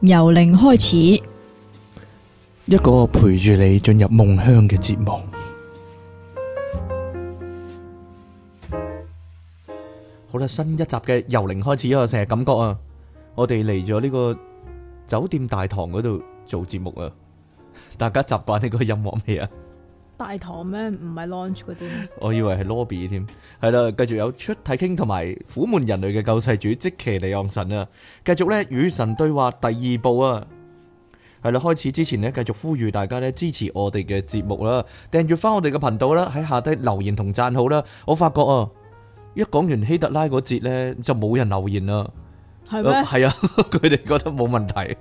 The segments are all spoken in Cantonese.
由零開始，一個陪住你進入夢鄉嘅節目。好啦，新一集嘅由零開始，我成日感覺啊，我哋嚟咗呢個酒店大堂嗰度做節目啊， 大家習慣呢個音樂未啊？大堂咩？唔係 lounge 嗰啲。 我以為係 lobby 添。係啦，繼續有出體傾同埋苦悶人類嘅救世主即奇利昂神啊！繼續咧與神對話第二部啊！係啦，開始之前咧，繼續呼籲大家咧支持我哋嘅節目啦，訂閱翻我哋嘅頻道啦，喺下低留言同讚好啦。我發覺啊，一講完希特拉嗰節咧，就冇人留言啦。係咩嗎？係、呃、啊，佢哋覺得冇問題。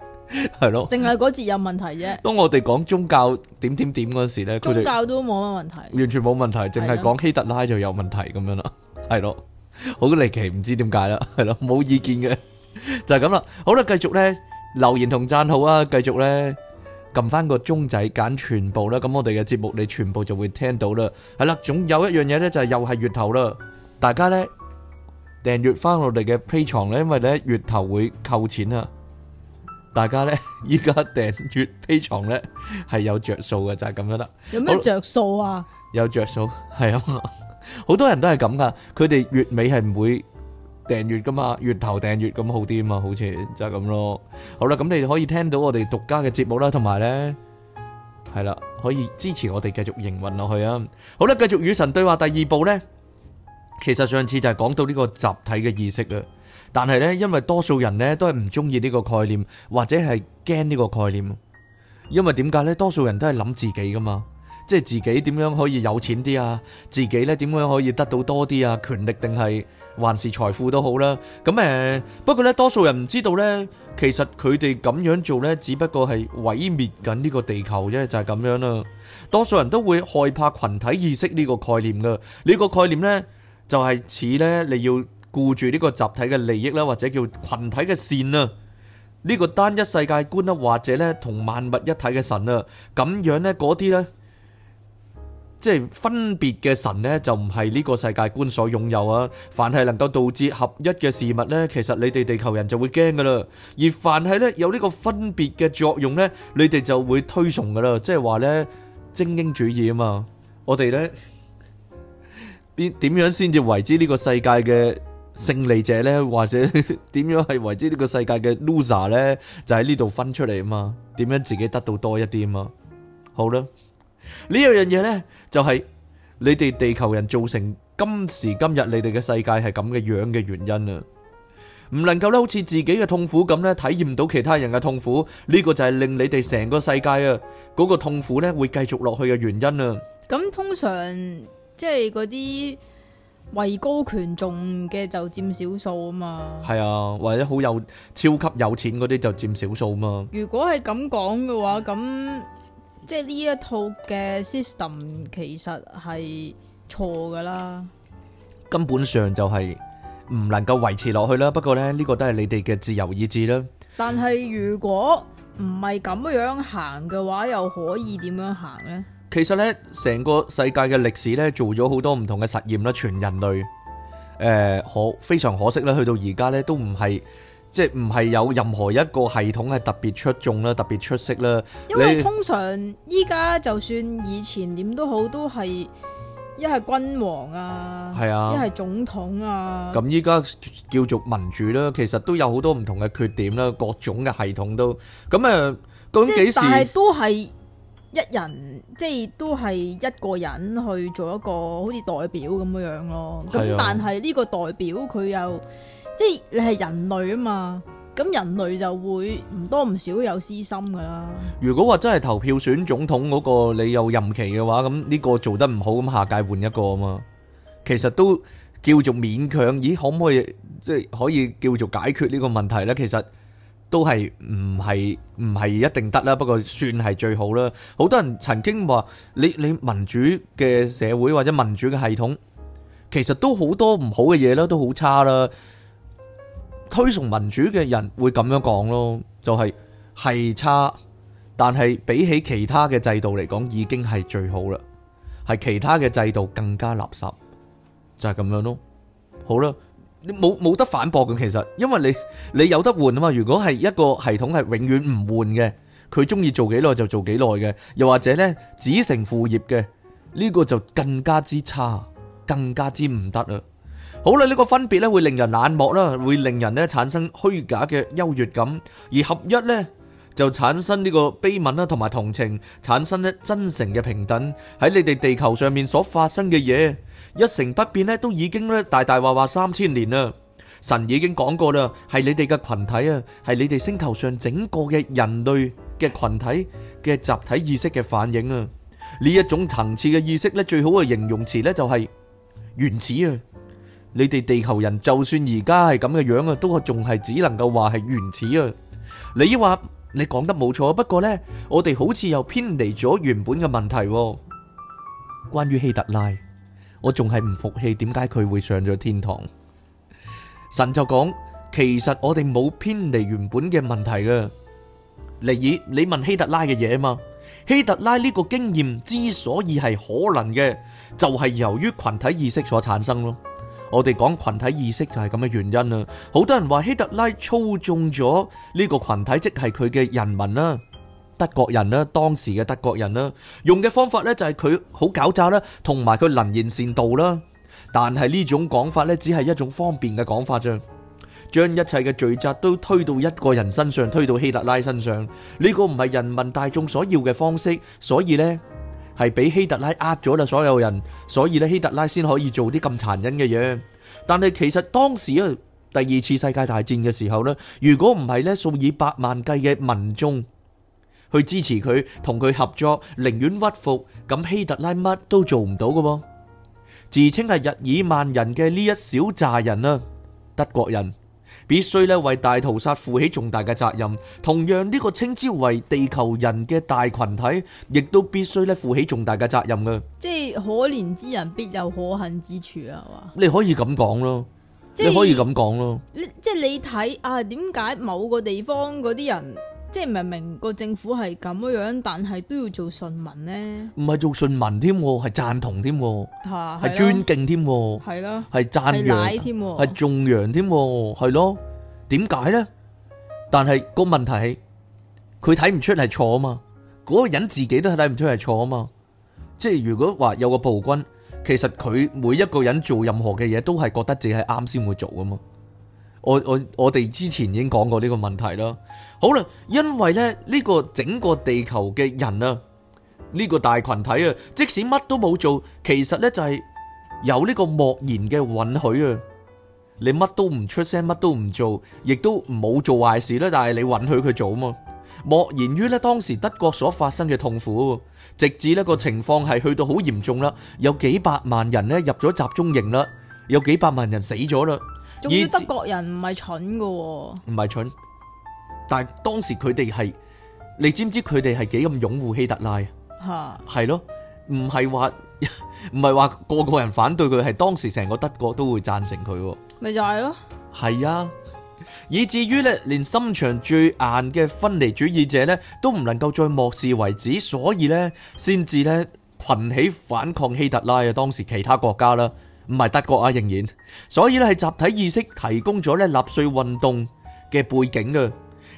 係咯，淨係嗰節有問題啫。當我哋講宗教點點點嗰時咧，宗教都冇乜問題，完全冇問題，淨係講希特拉就有問題咁樣啦。係咯，好離奇，唔知點解啦。係咯，冇意見嘅，就係咁啦。好啦，繼續咧留言同讚好啊，繼續咧撳翻個鐘仔揀全部啦。咁我哋嘅節目你全部就會聽到啦。係啦，總有一樣嘢咧就係又係月頭啦，大家咧訂閱翻我哋嘅 Patreon 咧，因為咧月頭會扣錢啊。大家咧依家訂閱 Patreon 咧係有着數嘅，就係、是、咁樣啦。有咩着數啊？有着數係啊嘛，好 多人都係咁噶。佢哋月尾係唔會訂閱噶嘛，月頭訂閱咁好啲啊嘛，好似就係咁咯。好啦，咁你哋可以聽到我哋獨家嘅節目啦，同埋咧係啦，可以支持我哋繼續營運落去啊。好啦，繼續與神對話第二部咧，其實上次就係講到呢個集體嘅意識啦。但係咧，因為多數人咧都係唔中意呢個概念，或者係驚呢個概念。因為點解呢？多數人都係諗自己噶嘛即係自己點樣可以有錢啲啊？自己咧點樣可以得到多啲啊？權力定係還是財富都好啦。咁誒、呃，不過咧，多數人唔知道呢，其實佢哋咁樣做呢，只不過係毀滅緊呢個地球啫，就係、是、咁樣啦。多數人都會害怕群體意識呢個概念噶，呢、這個概念呢，就係似呢你要。顧住呢個集體嘅利益啦，或者叫群體嘅善啊，呢、這個單一世界觀咧，或者咧同萬物一體嘅神啊，咁樣咧嗰啲咧，即係、就是、分別嘅神咧，就唔係呢個世界觀所擁有啊。凡係能夠導致合一嘅事物咧，其實你哋地球人就會驚噶啦。而凡係咧有呢個分別嘅作用咧，你哋就會推崇噶啦。即係話咧精英主義啊嘛，我哋咧邊點樣先至為之呢個世界嘅？勝利者咧，或者點樣係為之呢個世界嘅 loser 咧，就喺呢度分出嚟啊嘛？點樣自己得到多一啲啊嘛？好啦，這個、呢樣嘢咧就係、是、你哋地球人造成今時今日你哋嘅世界係咁嘅樣嘅原因啊！唔能夠咧，好似自己嘅痛苦咁咧，體驗到其他人嘅痛苦，呢、這個就係令你哋成個世界啊嗰、那個痛苦咧會繼續落去嘅原因啊！咁通常即係嗰啲。就是位高權重嘅就佔少數啊嘛，係啊，或者好有超級有錢嗰啲就佔少數嘛。如果係咁講嘅話，咁即係呢一套嘅 system 其實係錯噶啦，根本上就係唔能夠維持落去啦。不過呢，呢、呢個都係你哋嘅自由意志啦。但係如果唔係咁樣行嘅話，又可以點樣行呢？其實呢，成個世界嘅歷史呢，做咗好多唔同嘅實驗啦。全人類誒、呃，可非常可惜啦，去到而家呢，都唔係即係唔係有任何一個系統係特別出眾啦，特別出色啦。因為你通常依家就算以前點都好，都係一係君王啊，係啊，一係總統啊。咁依家叫做民主啦，其實都有好多唔同嘅缺點啦，各種嘅系統都咁啊，咁幾時是都係。一人即係都係一個人去做一個好似代表咁樣樣咯，咁但係呢個代表佢又即係你係人類啊嘛，咁人類就會唔多唔少有私心噶啦。如果話真係投票選總統嗰個你有任期嘅話，咁呢個做得唔好咁，下屆換一個啊嘛，其實都叫做勉強。咦，可唔可以即係可以叫做解決呢個問題呢？其實。都係唔係唔係一定得啦，不過算係最好啦。好多人曾經話你，你民主嘅社會或者民主嘅系統，其實都好多唔好嘅嘢啦，都好差啦。推崇民主嘅人會咁樣講咯，就係係差，但係比起其他嘅制度嚟講，已經係最好啦。係其他嘅制度更加垃圾，就係咁樣咯。好啦。你冇冇得反駁嘅其實，因為你你有得換啊嘛。如果係一個系統係永遠唔換嘅，佢中意做幾耐就做幾耐嘅，又或者咧子承父業嘅呢個就更加之差，更加之唔得啊。好啦，呢個分別咧會令人冷漠啦，會令人咧產生虛假嘅優越感，而合一咧。就產生呢個悲憫啦，同埋同情，產生咧真誠嘅平等。喺你哋地球上面所發生嘅嘢一成不變咧，都已經咧大大話話三千年啦。神已經講過啦，係你哋嘅群體啊，係你哋星球上整個嘅人類嘅群體嘅集體意識嘅反應啊。呢一種層次嘅意識咧，最好嘅形容詞咧就係原始啊。你哋地球人就算而家係咁嘅樣啊，都仲係只能夠話係原始啊。你話？你講得冇錯，不過呢，我哋好似又偏離咗原本嘅問題。關於希特拉，我仲係唔服氣，點解佢會上咗天堂？神就講，其實我哋冇偏離原本嘅問題啦。例如，你問希特拉嘅嘢嘛？希特拉呢個經驗之所以係可能嘅，就係、是、由於群體意識所產生咯。我哋講群體意識就係咁嘅原因啦，好多人話希特拉操縱咗呢個群體，即係佢嘅人民啦，德國人啦，當時嘅德國人啦，用嘅方法咧就係佢好狡詐啦，同埋佢能言善道啦。但係呢種講法咧，只係一種方便嘅講法啫，將一切嘅罪責都推到一個人身上，推到希特拉身上，呢個唔係人民大眾所要嘅方式，所以呢。係俾希特拉呃咗啦，所有人，所以咧希特拉先可以做啲咁殘忍嘅嘢。但係其實當時啊，第二次世界大戰嘅時候咧，如果唔係咧數以百萬計嘅民眾去支持佢，同佢合作，寧願屈服，咁希特拉乜都做唔到㗎。自稱係日耳曼人嘅呢一小紮人啊，德國人。必須咧為大屠殺負起重大嘅責任，同樣呢個稱之為地球人嘅大群體，亦都必須咧負起重大嘅責任嘅。即係可憐之人必有可恨之處啊，你可以咁講咯，即你可以咁講咯。即係你睇啊，點解某個地方嗰啲人？即係明明個政府係咁樣，但係都要做順民咧。唔係做順民添，係贊同添，係尊敬添，係啦，係讚揚添，係頌揚添，係咯。點解咧？但係個問題，佢睇唔出係錯啊嘛。嗰個人自己都睇唔出係錯啊嘛。即係如果話有個暴君，其實佢每一個人做任何嘅嘢，都係覺得自己係啱先會做啊嘛。我我我哋之前已經講過呢個問題啦。好啦，因為咧呢、這個整個地球嘅人啊，呢、這個大群體啊，即使乜都冇做，其實呢就係、是、有呢個默然嘅允許啊。你乜都唔出聲，乜都唔做，亦都冇做壞事啦。但係你允許佢做啊嘛？默然於咧當時德國所發生嘅痛苦，直至呢、這個情況係去到好嚴重啦，有幾百萬人呢入咗集中營啦，有幾百萬人死咗啦。總之德國人唔係蠢噶喎，唔係蠢，但係當時佢哋係，你知唔知佢哋係幾咁擁護希特拉啊？吓係咯，唔係話唔係話個個人反對佢，係當時成個德國都會贊成佢，咪就係咯。係啊，以至於咧，連心腸最硬嘅分離主義者咧，都唔能夠再漠視為止，所以咧，先至咧群起反抗希特拉啊！當時其他國家啦。唔係德國啊，仍然，所以咧係集體意識提供咗咧納粹運動嘅背景啊。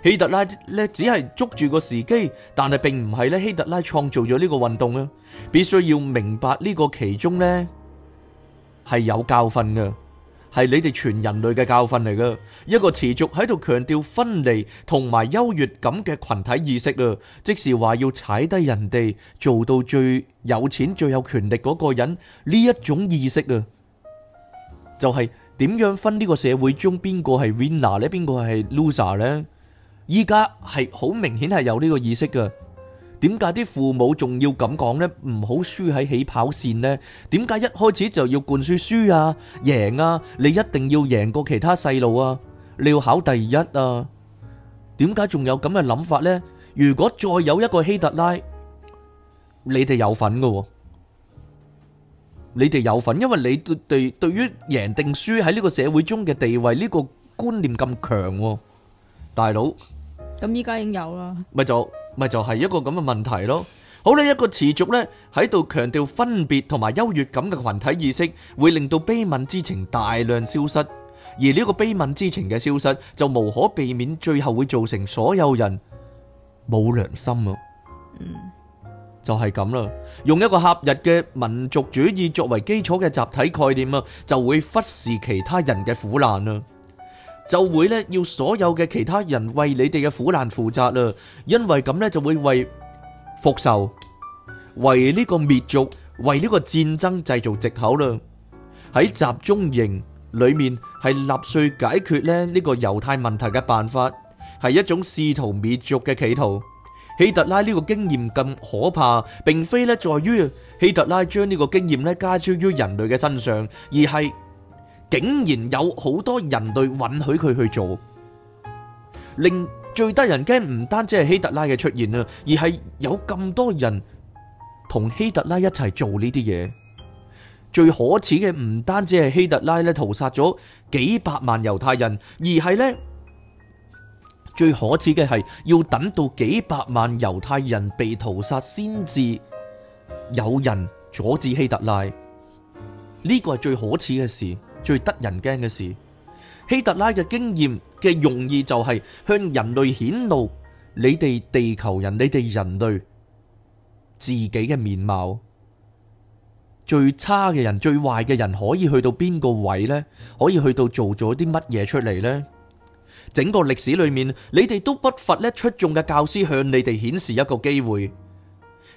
希特拉咧只係捉住個時機，但係並唔係咧希特拉創造咗呢個運動啊。必須要明白呢個其中呢係有教訓嘅，係你哋全人類嘅教訓嚟噶。一個持續喺度強調分離同埋優越感嘅群體意識啊，即是話要踩低人哋，做到最有錢、最有權力嗰個人呢一種意識啊。就係點樣分呢個社會中邊個係 winner 呢，邊個係 loser 呢？依家係好明顯係有呢個意識㗎。點解啲父母仲要咁講呢？唔好輸喺起跑線呢？點解一開始就要灌輸輸啊、贏啊？你一定要贏過其他細路啊？你要考第一啊？點解仲有咁嘅諗法呢？如果再有一個希特拉，你哋有份噶。你哋有份，因為你對對於贏定輸喺呢個社會中嘅地位呢個觀念咁強，大佬。咁依家已經有啦。咪就咪就係一個咁嘅問題咯。好呢，一個持續呢喺度強調分別同埋優越感嘅群體意識，會令到悲憫之情大量消失，而呢個悲憫之情嘅消失，就無可避免最後會造成所有人冇良心啊。就係咁啦，用一個狹隘嘅民族主義作為基礎嘅集體概念啊，就會忽視其他人嘅苦難啊，就會咧要所有嘅其他人為你哋嘅苦難負責啊，因為咁呢，就會為復仇、為呢個滅族、為呢個戰爭製造借口啦。喺集中營裏面係納粹解決咧呢個猶太問題嘅辦法，係一種試圖滅族嘅企圖。希特拉呢個經驗咁可怕，並非咧在於希特拉將呢個經驗咧加諸於人類嘅身上，而係竟然有好多人類允許佢去做，令最得人驚唔單止係希特拉嘅出現啦，而係有咁多人同希特拉一齊做呢啲嘢。最可恥嘅唔單止係希特拉咧屠殺咗幾百萬猶太人，而係咧。最可恥嘅係要等到幾百萬猶太人被屠殺先至有人阻止希特拉。呢個係最可恥嘅事，最得人驚嘅事。希特拉嘅經驗嘅用意就係向人類顯露你哋地球人、你哋人類自己嘅面貌。最差嘅人、最壞嘅人可以去到邊個位呢？可以去到做咗啲乜嘢出嚟呢？整個歷史裏面，你哋都不乏咧出眾嘅教師向你哋顯示一個機會，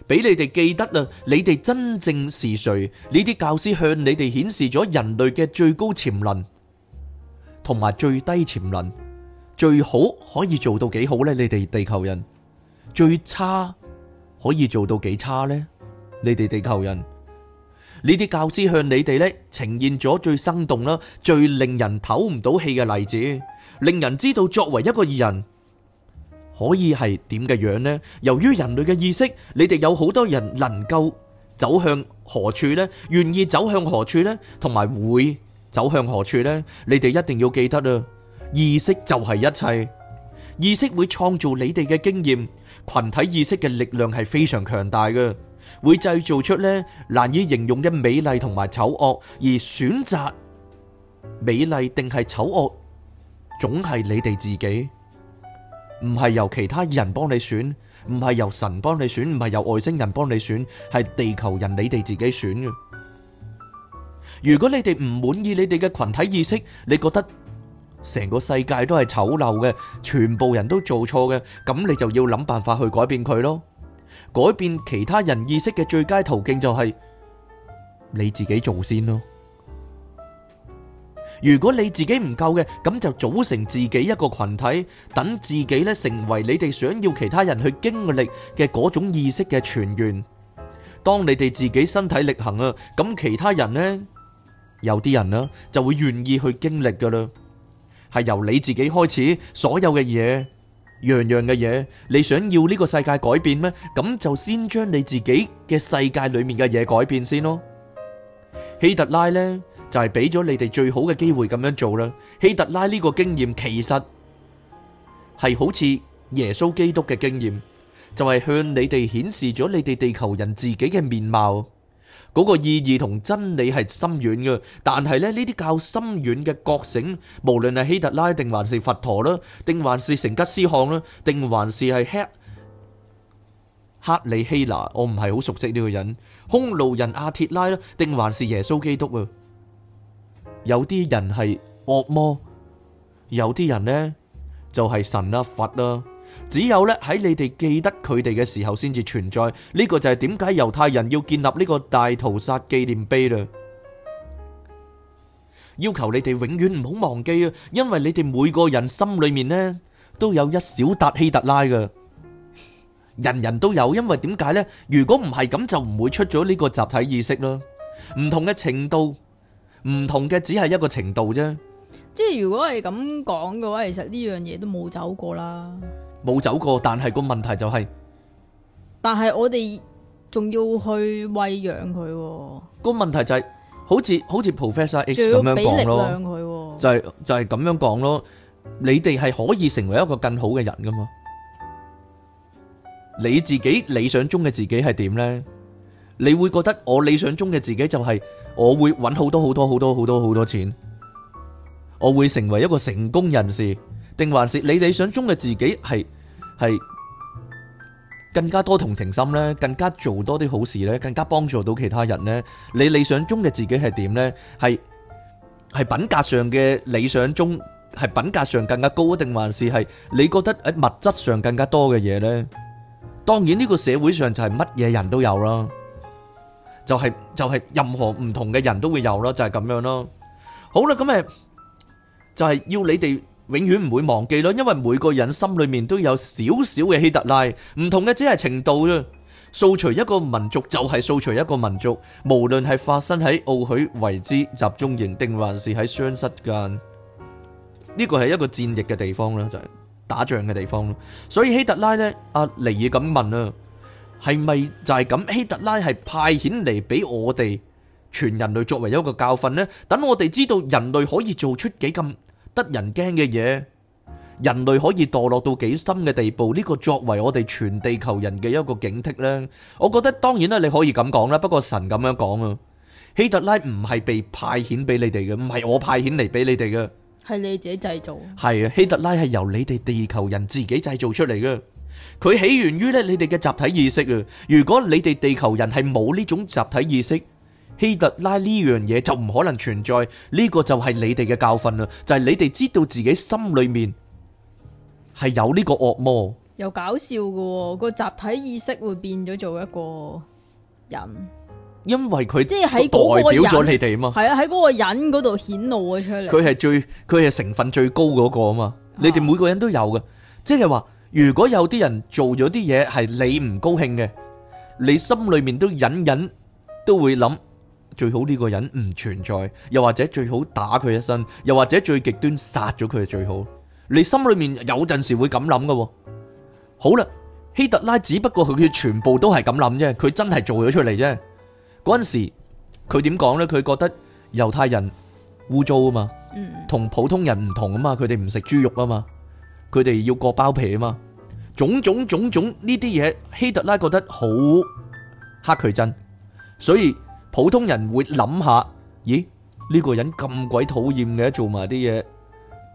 俾你哋記得啦。你哋真正是誰呢？啲教師向你哋顯示咗人類嘅最高潛能同埋最低潛能，最好可以做到幾好呢？你哋地球人最差可以做到幾差呢？你哋地球人呢啲教師向你哋咧呈現咗最生動啦、最令人唞唔到氣嘅例子。令人知道作為一個人可以係點嘅樣呢？由於人類嘅意識，你哋有好多人能夠走向何處呢？願意走向何處呢？同埋會走向何處呢？你哋一定要記得啊！意識就係一切，意識會創造你哋嘅經驗。群體意識嘅力量係非常強大嘅，會製造出呢難以形容嘅美麗同埋醜惡，而選擇美麗定係醜惡。總係你哋自己，唔係由其他人幫你選，唔係由神幫你選，唔係由外星人幫你選，係地球人你哋自己選嘅。如果你哋唔滿意你哋嘅群體意識，你覺得成個世界都係醜陋嘅，全部人都做錯嘅，咁你就要諗辦法去改變佢咯。改變其他人意識嘅最佳途徑就係你自己做先咯。如果你自己唔夠嘅，咁就組成自己一個群體，等自己咧成為你哋想要其他人去經歷嘅嗰種意識嘅泉源。當你哋自己身體力行啊，咁其他人咧，有啲人啦就會願意去經歷噶啦。係由你自己開始，所有嘅嘢，樣樣嘅嘢，你想要呢個世界改變咩？咁就先將你自己嘅世界裏面嘅嘢改變先咯。希特拉咧。就係俾咗你哋最好嘅機會咁樣做啦。希特拉呢個經驗其實係好似耶穌基督嘅經驗，就係向你哋顯示咗你哋地球人自己嘅面貌。嗰個意義同真理係深遠嘅，但係咧呢啲較深遠嘅覺醒，無論係希特拉定還是佛陀啦，定還是成吉思汗啦，定還是係克里希納，我唔係好熟悉呢個人，匈奴人阿鐵拉啦，定還是耶穌基督啊？有啲人係惡魔，有啲人咧就係神啦、佛啦。只有咧喺你哋記得佢哋嘅時候，先至存在。呢個就係點解猶太人要建立呢個大屠殺紀念碑啦？要求你哋永遠唔好忘記啊！因為你哋每個人心裏面咧都有一小沓希特拉噶，人人都有。因為點解咧？如果唔係咁，就唔會出咗呢個集體意識啦。唔同嘅程度。唔同嘅只係一個程度啫，即係如果係咁講嘅話，其實呢樣嘢都冇走過啦。冇走過，但係個問題就係，但係我哋仲要去餵養佢喎。個問題就係，好似好似 Professor X 咁樣講咯，就係就係咁樣講咯。你哋係可以成為一個更好嘅人噶嘛？你自己理想中嘅自己係點咧？你會覺得我理想中嘅自己就係我會揾好多好多好多好多好多錢，我會成為一個成功人士，定還是你理想中嘅自己係係更加多同情心呢，更加做多啲好事呢，更加幫助到其他人呢？你理想中嘅自己係點呢？係係品格上嘅理想中係品格上更加高，定還是係你覺得喺物質上更加多嘅嘢呢？當然呢個社會上就係乜嘢人都有啦。就係就係任何唔同嘅人都會有咯，就係咁樣咯。好啦，咁誒，就係要你哋永遠唔會忘記咯，因為每個人心裏面都有少少嘅希特拉，唔同嘅只係程度啫。掃除一個民族就係掃除一個民族，無論係發生喺奧許維茲集中營定還是喺傷失間，呢個係一個戰役嘅地方啦，就係打仗嘅地方咯。所以希特拉咧，阿尼爾咁問啊。係咪就係咁？希特拉係派遣嚟俾我哋全人類作為一個教訓呢？等我哋知道人類可以做出幾咁得人驚嘅嘢，人類可以墮落到幾深嘅地步，呢個作為我哋全地球人嘅一個警惕呢。我覺得當然啦，你可以咁講啦。不過神咁樣講啊，希特拉唔係被派遣俾你哋嘅，唔係我派遣嚟俾你哋嘅，係你自己製造。係啊，希特拉係由你哋地球人自己製造出嚟嘅。佢起源於咧，你哋嘅集體意識啊！如果你哋地球人係冇呢種集體意識，希特拉呢樣嘢就唔可能存在。呢、這個就係你哋嘅教訓啦，就係、是、你哋知道自己心裏面係有呢個惡魔。又搞笑嘅個集體意識會變咗做一個人，因為佢即係代表咗你哋啊嘛，係啊，喺嗰個人嗰度顯露咗出嚟。佢係最，佢係成分最高嗰，那個啊嘛，你哋每個人都有嘅，即係話。如果有啲人做咗啲嘢係你唔高興嘅，你心裏面都隱隱都會諗最好呢個人唔存在，又或者最好打佢一身，又或者最極端殺咗佢就最好。你心裏面有陣時會咁諗噶。好啦，希特拉只不過佢全部都係咁諗啫，佢真係做咗出嚟啫。嗰陣時佢點講呢？佢覺得猶太人污糟啊嘛，同普通人唔同啊嘛，佢哋唔食豬肉啊嘛，佢哋要割包皮啊嘛。種種種種呢啲嘢，希特拉覺得好黑佢真，所以普通人會諗下，咦，呢個人咁鬼討厭嘅，做埋啲嘢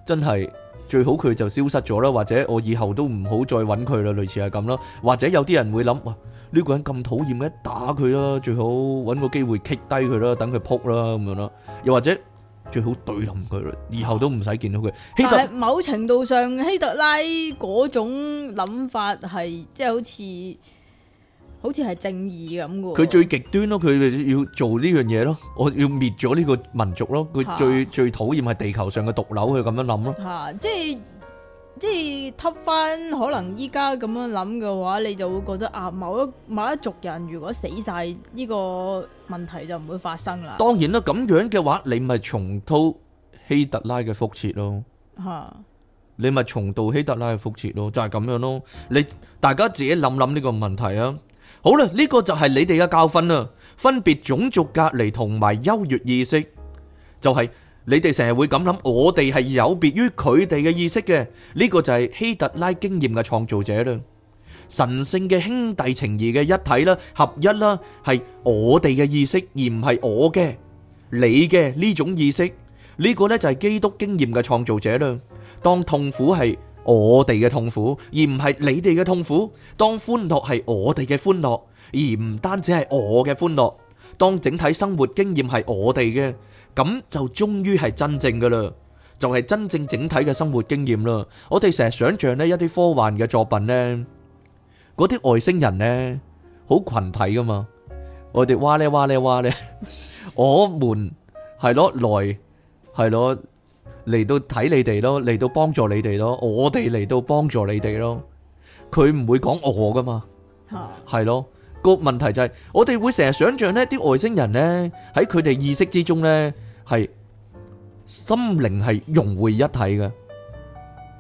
真係最好佢就消失咗啦，或者我以後都唔好再揾佢啦類似係咁囉。或者有啲人會諗，哇，呢個人咁討厭嘅，打佢啦，最好揾個機會擊低佢啦，等佢扑啦咁樣囉。又或者。最好對冧佢咯，以後都唔使見到佢。希特某程度上，希特拉嗰種諗法係即係好似好似係正義咁嘅。佢最極端咯，佢要做呢樣嘢咯，我要滅咗呢個民族咯。佢最最討厭係地球上嘅毒瘤，佢咁樣諗咯。嚇！即係。即係吸翻，可能依家咁樣諗嘅話，你就會覺得啊，某一某一族人如果死晒，呢個問題就唔會發生啦。當然啦，咁樣嘅話，你咪重蹈希特拉嘅覆轍咯。吓，你咪重蹈希特拉嘅覆轍咯，就係咁樣咯。你大家自己諗諗呢個問題啊。好啦，呢個就係你哋嘅教訓啦，分別種族隔離同埋優越意識，就係。你哋成日會咁諗，我哋係有別於佢哋嘅意識嘅，呢個就係希特拉經驗嘅創造者啦，神聖嘅兄弟情誼嘅一體啦，合一啦，係我哋嘅意識而唔係我嘅、你嘅呢種意識，呢個呢就係基督經驗嘅創造者啦。當痛苦係我哋嘅痛苦而唔係你哋嘅痛苦，當歡樂係我哋嘅歡樂而唔單止係我嘅歡樂，當整體生活經驗係我哋嘅。咁就終於係真正噶啦，就係真正整體嘅生活經驗啦。我哋成日想象呢一啲科幻嘅作品呢，嗰啲外星人呢好群體噶嘛，我哋哇咧哇咧哇咧，我們係咯來係咯嚟到睇你哋咯，嚟到幫助你哋咯，我哋嚟到幫助你哋咯，佢唔會講我噶嘛，係咯，個問題就係我哋會成日想象呢啲外星人呢喺佢哋意識之中呢。係心靈係融會一體嘅，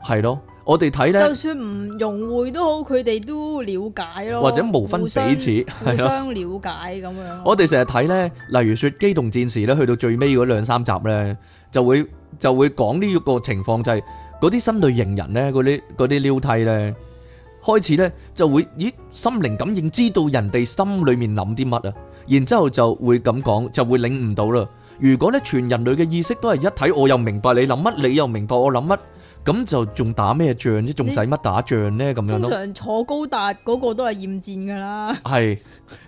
係咯。我哋睇咧，就算唔融會都好，佢哋都了解咯。或者無分彼此，係咯，互相了解咁樣。我哋成日睇咧，例如說機動戰士咧，去到最尾嗰兩三集咧，就會就會講呢個情況，就係嗰啲新類型人咧，嗰啲嗰啲撩體咧，開始咧就會咦心靈感應知道人哋心裏面諗啲乜啊，然之後就會咁講，就會領悟到啦。如果咧全人類嘅意識都係一體，我又明白你諗乜，你又明白我諗乜，咁就仲打咩仗啫？仲使乜打仗呢？咁樣咯。通常坐高達嗰個都係厭戰噶啦。係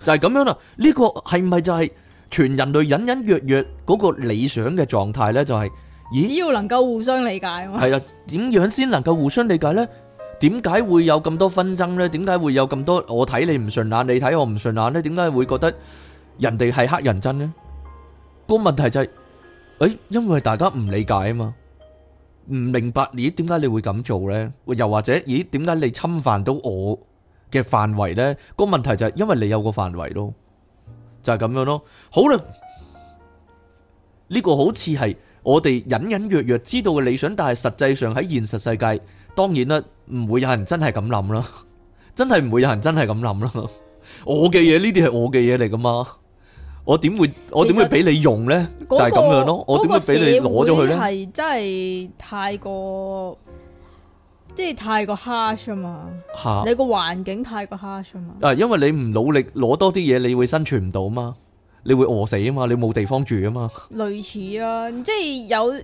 就係咁樣啦。呢個係唔係就係全人類隱隱約約嗰個理想嘅狀態咧？就係咦，只要能夠互相理解。係啊，點樣先能夠互相理解咧？點解會有咁多紛爭咧？點解會有咁多我睇你唔順眼，你睇我唔順眼咧？點解會覺得人哋係乞人憎咧？個問題就係，欸，因為大家唔理解啊嘛，唔明白咦點解你會咁做呢？又或者，咦，點解你侵犯到我嘅範圍呢？個問題就係，因為你有個範圍咯，就係咁樣咯。好啦，呢個好似係我哋隱隱約約知道嘅理想，但係實際上喺現實世界，當然啦，唔會有人真係咁諗啦，真係唔會有人真係咁諗啦。 我嘅嘢，呢啲係我嘅嘢嚟㗎嘛。我點會其實我點會俾你用咧？就係、是、咁樣咯。那個、我點會俾你攞咗佢咧？係真係太過，即係太過 harsh 啊嘛！啊你個環境太過 harsh 啊嘛！啊，因為你唔努力攞多啲嘢，你會生存唔到啊嘛，你會餓死啊嘛，你冇地方住啊嘛。類似啊，即係有，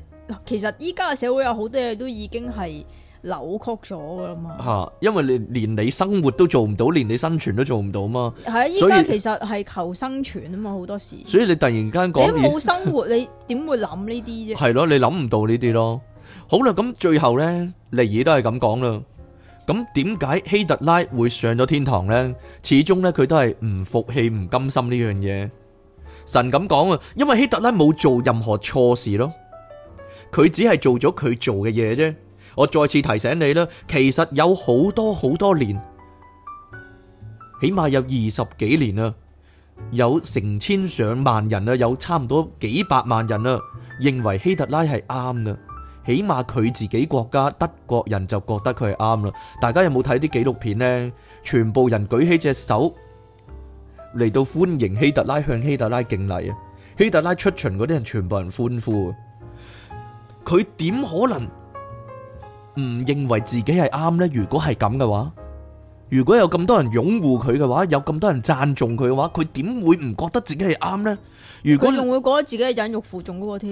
其實依家嘅社會有好多嘢都已經係。扭曲咗噶啦嘛，吓，因為你連你生活都做唔到，連你生存都做唔到嘛。係啊，依家其實係求生存啊嘛，好多時。所以你突然間講，你冇生活， 你點會諗呢啲啫？係咯，你諗唔到呢啲咯。好啦，咁最後呢，尼爾都係咁講啦。咁點解希特拉會上咗天堂呢？始終呢，佢都係唔服氣、唔甘心呢樣嘢。神咁講啊，因為希特拉冇做任何錯事咯，佢只係做咗佢做嘅嘢啫。我再次提醒你啦，其實有好多好多年，起碼有二十幾年啦，有成千上萬人啊，有差唔多幾百萬人啊，認為希特拉係啱啦。起碼佢自己國家德國人就覺得佢係啱啦。大家有冇睇啲紀錄片呢？全部人舉起隻手嚟到歡迎希特拉，向希特拉敬禮啊！希特拉出巡嗰啲人，全部人歡呼。佢點可能唔認為自己係啱呢？如果係咁嘅話，如果有咁多人擁護佢嘅話，有咁多人讚頌佢嘅話，佢點會唔覺得自己係啱呢？如果佢仲會覺得自己係忍辱負重嘅喎、那個，添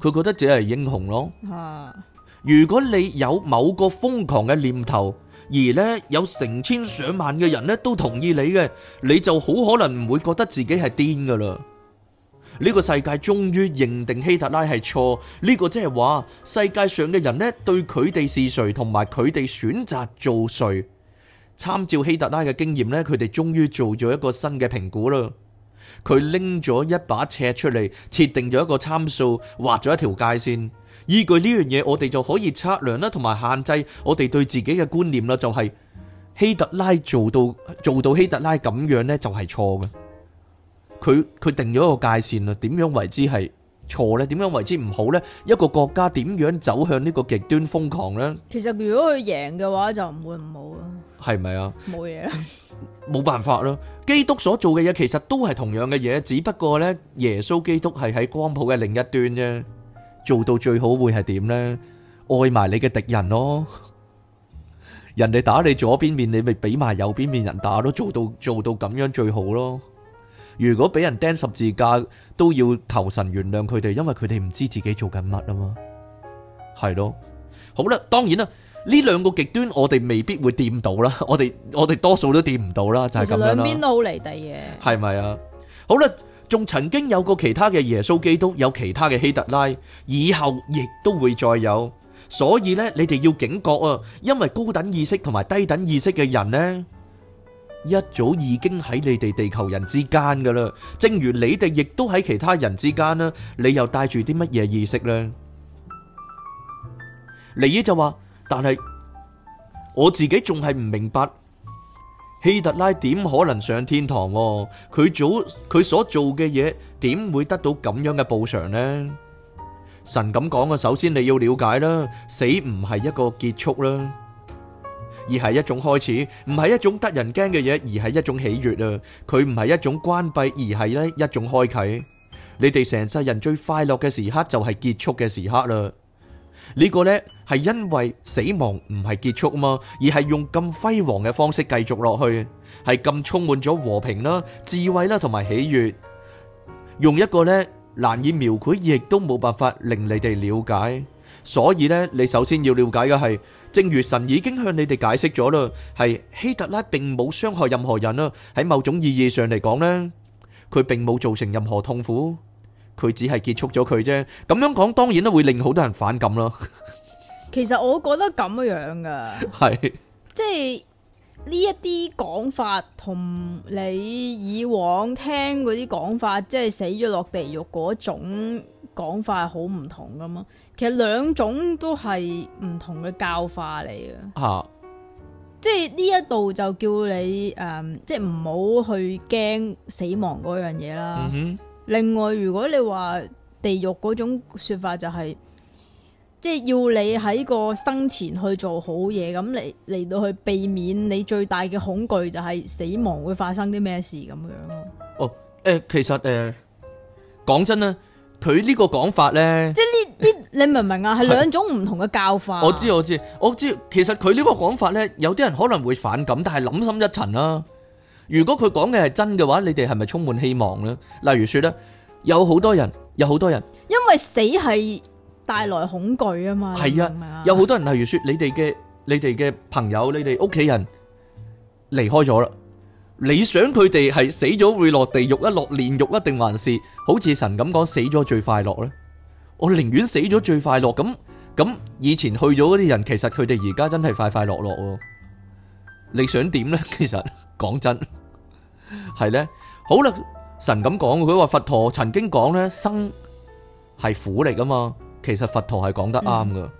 佢覺得自己係英雄咯。吓、啊，如果你有某個瘋狂嘅念頭，而呢有成千上萬嘅人呢都同意你嘅，你就好可能唔會覺得自己係癲噶啦。呢個世界終於認定希特拉係錯。呢個即係話世界上嘅人咧對佢哋是誰同埋佢哋選擇做誰，參照希特拉嘅經驗呢，佢哋終於做咗一個新嘅評估啦。佢拎咗一把尺出嚟，設定咗一個參數，畫咗一條界線，依據呢樣嘢，我哋就可以測量啦，同埋限制我哋對自己嘅觀念啦。就係希特拉做到做到希特拉咁樣呢，就係錯嘅。佢佢定咗一個界線啦，點樣為之係錯呢？點樣為之唔好呢？一個國家點樣走向呢個極端瘋狂呢？其實如果佢贏嘅話，就唔會唔好咯。係咪啊？冇嘢，冇辦法咯。基督所做嘅嘢其實都係同樣嘅嘢，只不過呢，耶穌基督係喺光譜嘅另一端啫。做到最好會係點呢？愛埋你嘅敵人咯。人哋打你左邊面，你咪俾埋右邊面人打咯。做到做到咁樣最好咯。如果俾人釘十字架，都要求神原諒佢哋，因為佢哋唔知自己做緊乜啊嘛，係咯，好啦，當然啦，呢兩個極端我哋未必會掂到啦，我哋我哋多數都掂唔到啦，就係咁樣啦。兩邊都好離地嘅，係咪啊？好啦，仲曾經有過其他嘅耶穌基督，有其他嘅希特拉，以後亦都會再有，所以咧，你哋要警覺啊，因為高等意識同埋低等意識嘅人咧。一早已經喺你哋地球人之間噶啦，正如你哋亦都喺其他人之間啦，你又帶住啲乜嘢意識呢？尼爾就話，但係我自己仲係唔明白，希特拉點可能上天堂？佢做佢所做嘅嘢，點會得到咁樣嘅補償呢？神咁講啊，首先你要了解啦，死唔係一個結束啦。而係一種開始，唔係一種得人驚嘅嘢，而係一種喜悅啊！佢唔係一種關閉，而係呢一種開啟。你哋成世人最快樂嘅時刻就係結束嘅時刻啦！呢個呢，係因為死亡唔係結束嘛，而係用咁輝煌嘅方式繼續落去，係咁充滿咗和平啦、智慧啦同埋喜悅。用一個呢，難以描繪，亦都冇辦法令你哋了解。所以咧，你首先要了解嘅係，正如神已經向你哋解釋咗啦，係希特拉並冇傷害任何人啦。喺某種意義上嚟講呢，佢並冇造成任何痛苦，佢只係結束咗佢啫。咁樣講當然都會令好多人反感啦。其實我覺得咁樣噶，係即係呢一啲講法，同你以往聽嗰啲講法，即係死咗落地獄嗰種。講法係好唔同噶嘛，其實兩種都係唔同嘅教化嚟嘅。吓、啊，即係呢一度就叫你誒、嗯，即係唔好去驚死亡嗰樣嘢啦。嗯哼，另外，如果你話地獄嗰種說法就係、是，即係要你喺個生前去做好嘢，咁嚟嚟到去避免你最大嘅恐懼就係死亡會發生啲咩事咁樣咯。哦，誒、呃，其實誒，呃，講真咧。佢呢個講法呢，即係呢啲你明唔明啊？係兩種唔同嘅教法。我知我知，我知。其實佢呢個講法呢，有啲人可能會反感，但係諗深一層啦。如果佢講嘅係真嘅話，你哋係咪充滿希望呢？例如說呢，有好多人，有好多人，因為死係帶來恐懼啊嘛。係啊，有好多人，例如說你哋嘅、你哋嘅朋友、你哋屋企人離開咗啦。你想佢哋係死咗會落地獄，一落煉獄，一定還是好似神咁講死咗最快樂呢？我寧願死咗最快樂咁咁。以前去咗嗰啲人，其實佢哋而家真係快快樂樂。你想點呢？其實講真係呢。好啦，神咁講，佢話佛陀曾經講呢生係苦嚟噶嘛，其實佛陀係講得啱噶，嗯、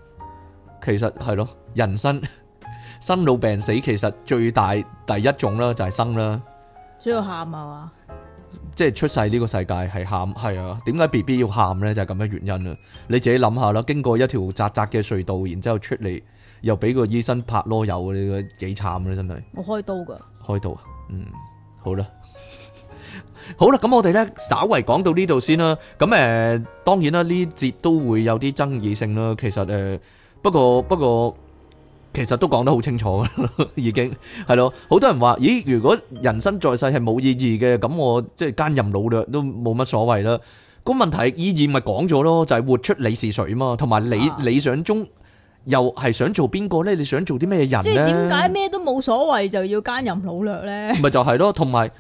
其實係咯，人生。生老病死其實最大第一種啦，就係生啦。需要喊係嘛？即係出世呢個世界係喊係啊？點解 B B 要喊咧？就係咁嘅原因啊。你自己諗下啦。經過一條窄窄嘅隧道，然之後出嚟，又俾個醫生拍囉柚，你個幾慘咧？真係。我開刀噶。開刀啊？嗯，好啦， 好啦，咁我哋咧，稍微講到呢度先啦。咁誒、呃，當然啦，呢節都會有啲爭議性啦。其實誒、呃，不過不過。其實都講得好清楚，已經係咯。好多人話，咦，如果人生在世係冇意義嘅，咁我即係奸淫擄掠都冇乜所謂啦。個問題意義咪講咗咯，就係活出你是誰嘛。同埋你理想中又係想做邊個呢？你想做啲咩人呢？即係點解咩都冇所謂就要奸淫擄掠呢？咪就係咯，同埋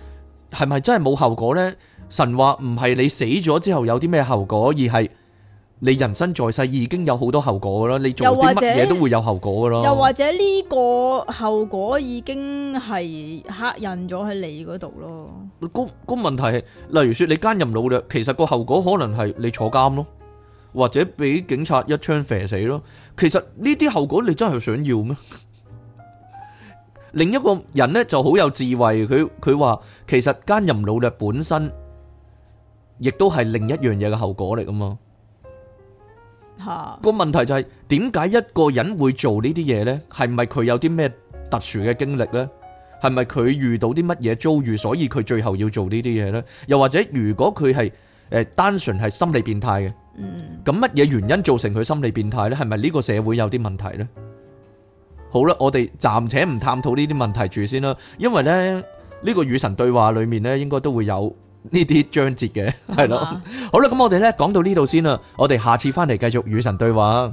係咪真係冇後果呢？神話唔係你死咗之後有啲咩後果，而係。你人生在世已經有好多後果噶啦，你做啲乜嘢都會有後果噶咯。又或者呢個後果已經係刻印咗喺你嗰度咯。個個問題係，例如說你奸淫擄掠，其實個後果可能係你坐監咯，或者俾警察一槍射死咯。其實呢啲後果你真係想要咩？另一個人呢就好有智慧，佢佢話其實奸淫擄掠本身亦都係另一樣嘢嘅後果嚟噶嘛。個問題就係點解一個人會做呢啲嘢呢？係咪佢有啲咩特殊嘅經歷呢？係咪佢遇到啲乜嘢遭遇，所以佢最後要做呢啲嘢呢？又或者如果佢係誒單純係心理變態嘅，咁乜嘢原因造成佢心理變態呢？係咪呢個社會有啲問題呢？好啦，我哋暫且唔探討呢啲問題住先啦，因為咧呢個與神對話裏面呢，應該都會有。呢啲章節嘅，係咯吧， 好啦，咁我哋咧講到呢度先啦，我哋下次翻嚟繼續與神對話。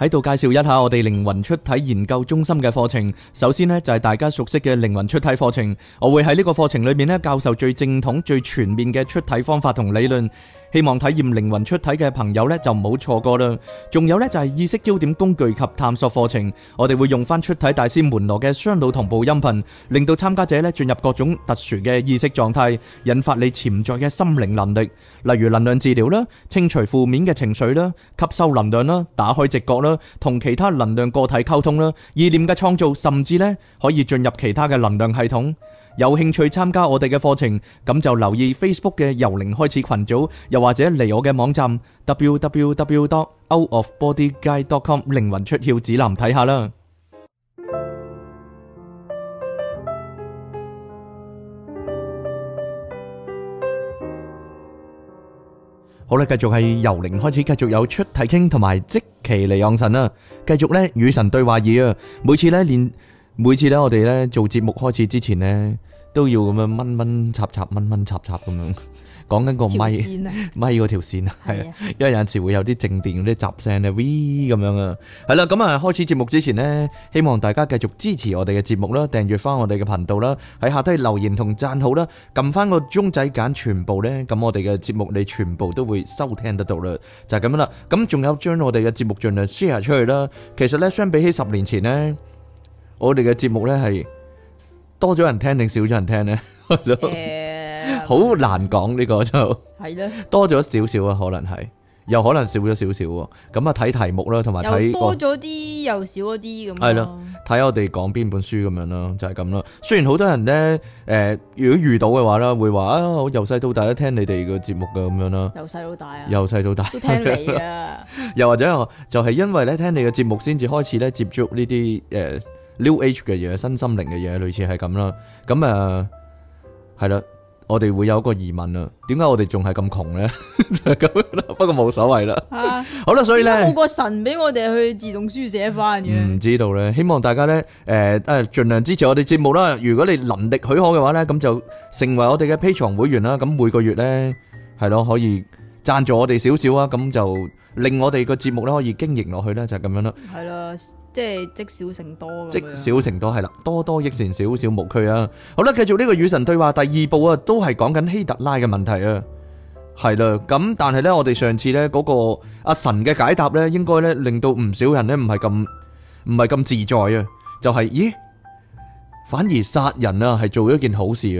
喺度介紹一下我哋靈魂出體研究中心嘅課程。首先咧就係大家熟悉嘅靈魂出體課程，我會喺呢個課程裏面咧教授最正統、最全面嘅出體方法同理論。希望體驗靈魂出體嘅朋友咧就唔好錯過啦。仲有咧就係意識焦點工具及探索課程，我哋會用返出體大師門羅嘅雙腦同步音頻，令到參加者咧進入各種特殊嘅意識狀態，引發你潛在嘅心靈能力，例如能量治療啦、清除負面嘅情緒啦、吸收能量啦、打開直覺啦。同其他能量個體溝通啦，意念嘅創造，甚至咧可以進入其他嘅能量系統。有興趣參加我哋嘅課程，咁就留意 Facebook 嘅由零開始群組，又或者嚟我嘅網站 www.outofbodyguide.com 靈魂出竅指南睇下啦。好啦，繼續係由零開始，繼續有出題傾同埋即期嚟仰神啦。繼續咧與神對話二啊！每次咧練，每次咧我哋咧做節目開始之前咧，都要咁樣掹掹插插，掹掹插插咁樣。講緊個咪咪嗰條線啊，係啊，的因為有陣時會有啲靜電，嗰啲雜聲咧，V 咁樣啊，係啦，咁啊，開始節目之前呢，希望大家繼續支持我哋嘅節目啦，訂閱翻我哋嘅頻道啦，喺下低留言同讚好啦，撳翻個鐘仔揀全部呢。咁我哋嘅節目你全部都會收聽得到啦，就係咁樣啦，咁仲有將我哋嘅節目盡量 share 出去啦。其實呢，相比起十年前呢，我哋嘅節目呢，係多咗人聽定少咗人聽呢？ 欸好、嗯、難講呢、呢個就係咯，多咗少少啊，可能係又可能少咗少少喎。咁啊，睇題目啦，同埋睇多咗啲、哦、又少咗啲咁。係咯了，睇我哋講邊本書咁樣咯，就係咁咯。雖然好多人咧，誒、呃，如果遇到嘅話咧，會話啊，我由細到大都聽你哋個節目嘅咁樣啦。由細到大啊，由細到大都聽你啊。 又或者就係、是、因為咧聽你嘅節目，先至開始咧接觸呢啲誒 New Age 嘅嘢、新心靈嘅嘢，類似係咁啦。咁、嗯、啊，係、嗯、啦。我哋會有一個疑問啦，點解我哋仲係咁窮咧？就係咁樣啦。不過冇所謂啦。啊，好啦，所以咧冇個神俾我哋去自動書寫翻嘅。唔知道咧，希望大家咧誒誒，盡量支持我哋節目啦。如果你能力許可嘅話咧，咁就成為我哋嘅 Patreon 會員啦。咁每個月咧係咯，可以贊助我哋少少啊。咁就令我哋個節目咧可以經營落去咧，就係咁樣啦。係啦。即係積少成多咁樣，積少成多係啦，多多益善，少少無區啊。好啦，繼續呢個與神對話第二部啊，都係講緊希特拉嘅問題啊。係啦，咁但係咧，我哋上次咧嗰個阿神嘅解答咧，應該咧令到唔少人咧唔係咁唔係咁自在啊。就係咦，反而殺人啊，係做一件好事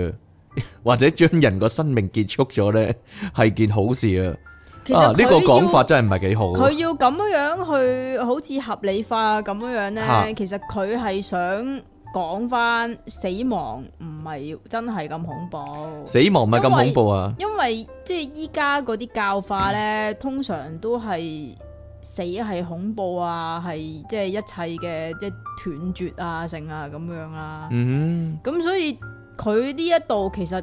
啊，或者將人個生命結束咗咧，係件好事啊。其實啊！呢、呢個講法真係唔係幾好。佢要咁樣樣去，好似合理化咁樣樣咧。啊、其實佢係想講翻死亡唔係真係咁恐怖。死亡唔係咁恐怖啊？因為即係依家嗰啲教化咧，嗯、通常都係死係恐怖啊，係即係一切嘅即係斷絕啊，成啊咁樣啦、啊。嗯哼，咁所以佢呢一度其實。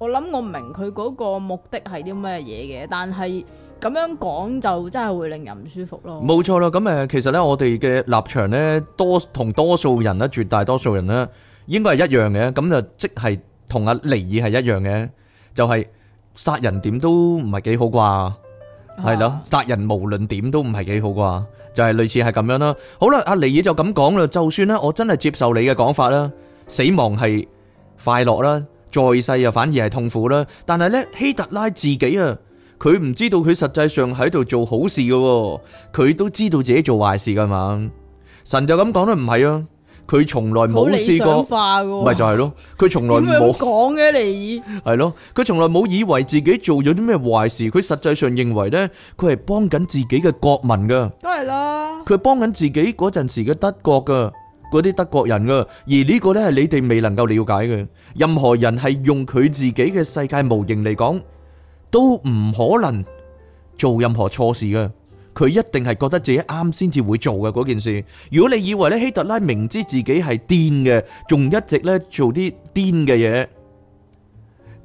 我諗我唔明佢嗰個目的係啲咩嘢嘅，但係咁樣講就真係會令人唔舒服咯。冇錯啦，咁誒，其實咧我哋嘅立場咧多同多數人啦，絕大多數人啦，應該係一樣嘅。咁就即係同阿尼爾係一樣嘅，就係殺人點都唔係幾好啩，係咯，殺人無論點都唔係幾好啩，就係類似係咁樣啦。好啦，阿尼爾就咁講啦，就算咧我真係接受你嘅講法啦，死亡係快樂啦。再世又反而係痛苦啦，但係咧希特拉自己啊，佢唔知道佢實際上喺度做好事嘅，佢都知道自己做壞事噶嘛。神就咁講啦，唔係啊，佢從來冇試過，唔係就係咯，佢從來冇講嘅你係咯，佢從來冇以為自己做咗啲咩壞事，佢實際上認為咧，佢係幫緊自己嘅國民噶，都係啦，佢係幫緊自己嗰陣時嘅德國噶。嗰啲德國人噶，而呢個呢係你哋未能夠了解嘅。任何人係用佢自己嘅世界模型嚟講，都唔可能做任何錯事嘅。佢一定係覺得自己啱先至會做嘅嗰件事。如果你以為呢，希特拉明知自己係癲嘅，仲一直呢做啲癲嘅嘢，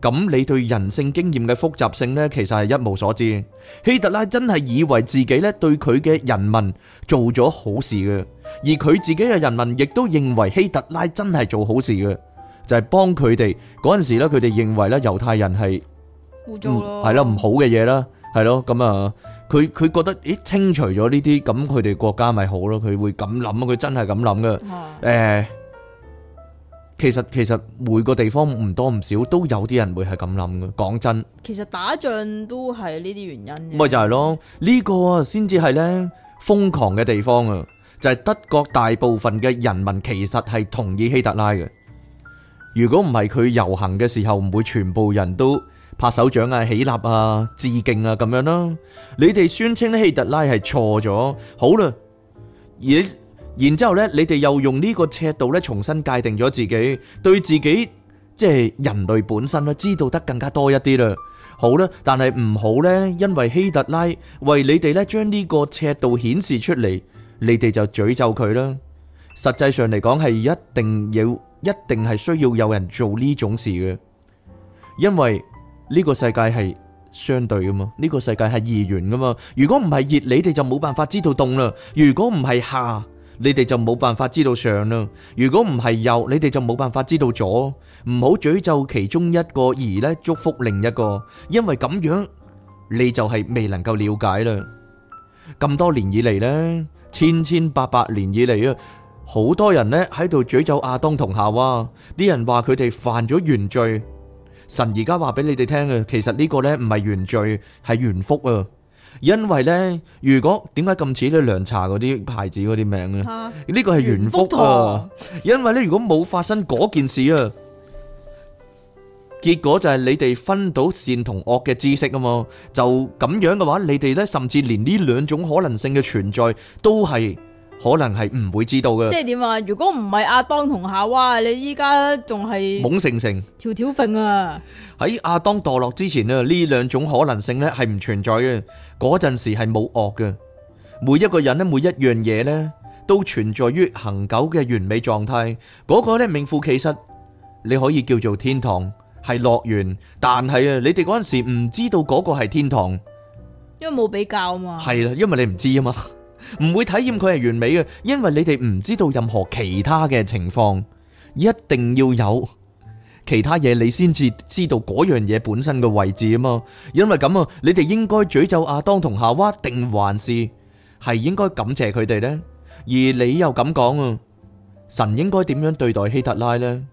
咁你對人性經驗嘅複雜性咧，其實係一無所知。希特拉真係以為自己咧對佢嘅人民做咗好事嘅，而佢自己嘅人民亦都認為希特拉真係做好事嘅，就係幫佢哋嗰陣時咧，佢哋認為咧猶太人係污糟咯，係咯，唔好嘅嘢啦，係咯咁啊，佢佢覺得咦，清除咗呢啲咁，佢哋國家咪好咯，佢會咁諗啊，佢真係咁諗嘅，誒。其實其實每個地方唔多唔少都有啲人會係咁諗嘅，講真。其實打仗都係呢啲原因。咪就係咯，呢個啊先至係呢瘋狂嘅地方啊，就係德國大部分嘅人民其實係同意希特拉嘅。如果唔係佢遊行嘅時候唔會全部人都拍手掌啊、起立啊、致敬啊咁樣咯，你哋宣稱希特拉係錯咗，好啦，也。然之後咧，你哋又用呢個尺度咧，重新界定咗自己，對自己即係人類本身啦，知道得更加多一啲啦。好啦，但係唔好呢，因為希特拉為你哋咧，將呢個尺度顯示出嚟，你哋就詛咒佢啦。實際上嚟講係一定要一定係需要有人做呢種事嘅，因為呢個世界係相對噶嘛，呢個世界係二元噶嘛。如果唔係熱，你哋就冇辦法知道凍啦。如果唔係夏。你哋就冇辦法知道上咯，如果唔係右，你哋就冇辦法知道左。唔好詛咒其中一個而咧祝福另一個，因為咁樣你就係未能夠了解啦。咁多年以嚟咧，千千百百年以嚟啊，好多人咧喺度詛咒亞當同夏娃，啲人話佢哋犯咗原罪。神而家話俾你哋聽啊，其實呢個咧唔係原罪，係原福啊。因為呢，如果點解咁似啲涼茶嗰啲牌子、嗰啲名呢？呢、啊、個係原福啊！ 因為呢，如果冇發生嗰件事啊，結果就係你哋分到善同惡嘅知識啊嘛，就咁樣嘅話，你哋呢，甚至連呢兩種可能性嘅存在都係。可能係唔會知道嘅。即係點啊？如果唔係亞當同夏娃，你依家仲係懵成成，條條揈啊！喺亞當墮落之前啊，呢兩種可能性咧係唔存在嘅。嗰陣時係冇惡嘅，每一個人咧，每一樣嘢咧，都存在於恆久嘅完美狀態。嗰個咧名副其實，你可以叫做天堂，係樂園。但係啊，你哋嗰陣時唔知道嗰個係天堂，因為冇比較啊嘛。係啦，因為你唔知啊嘛。唔會體驗佢係完美嘅，因為你哋唔知道任何其他嘅情況，一定要有其他嘢你先至知道嗰樣嘢本身嘅位置啊嘛。因為咁啊，你哋應該詛咒阿當同夏娃，定還是係應該感謝佢哋呢？而你又咁講啊，神應該點樣對待希特拉呢？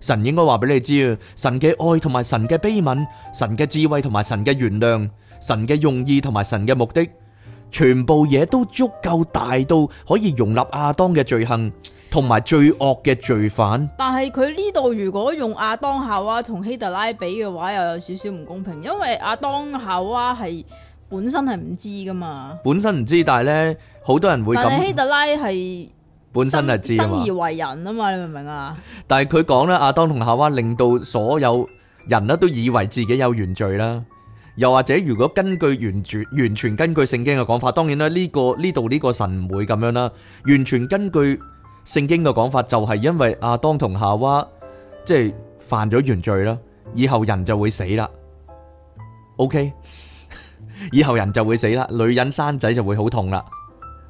神應該話俾你知啊，神嘅愛同埋神嘅悲憫，神嘅智慧同埋神嘅原諒，神嘅用意同埋神嘅目的。全部嘢都足夠大到可以容納亞當嘅罪行同埋最惡嘅罪犯。但係佢呢度如果用亞當夏娃同希特拉比嘅話，又有少少唔公平，因為亞當夏娃係本身係唔知噶嘛。本身唔知，身知，但係呢，好多人會咁。但係希特拉係本身係知，生而為人啊嘛，你明唔明啊？但係佢講呢亞當同夏娃令到所有人呢都以為自己有原罪啦。又或者，如果根據完全完全根據聖經嘅講法，當然啦，呢個呢度呢個神唔會咁樣啦。完全根據聖經嘅講法，這個，這這法就係因為阿當同夏娃即係犯咗原罪啦，以後人就會死啦。OK， 以後人就會死啦，女人生仔就會好痛啦。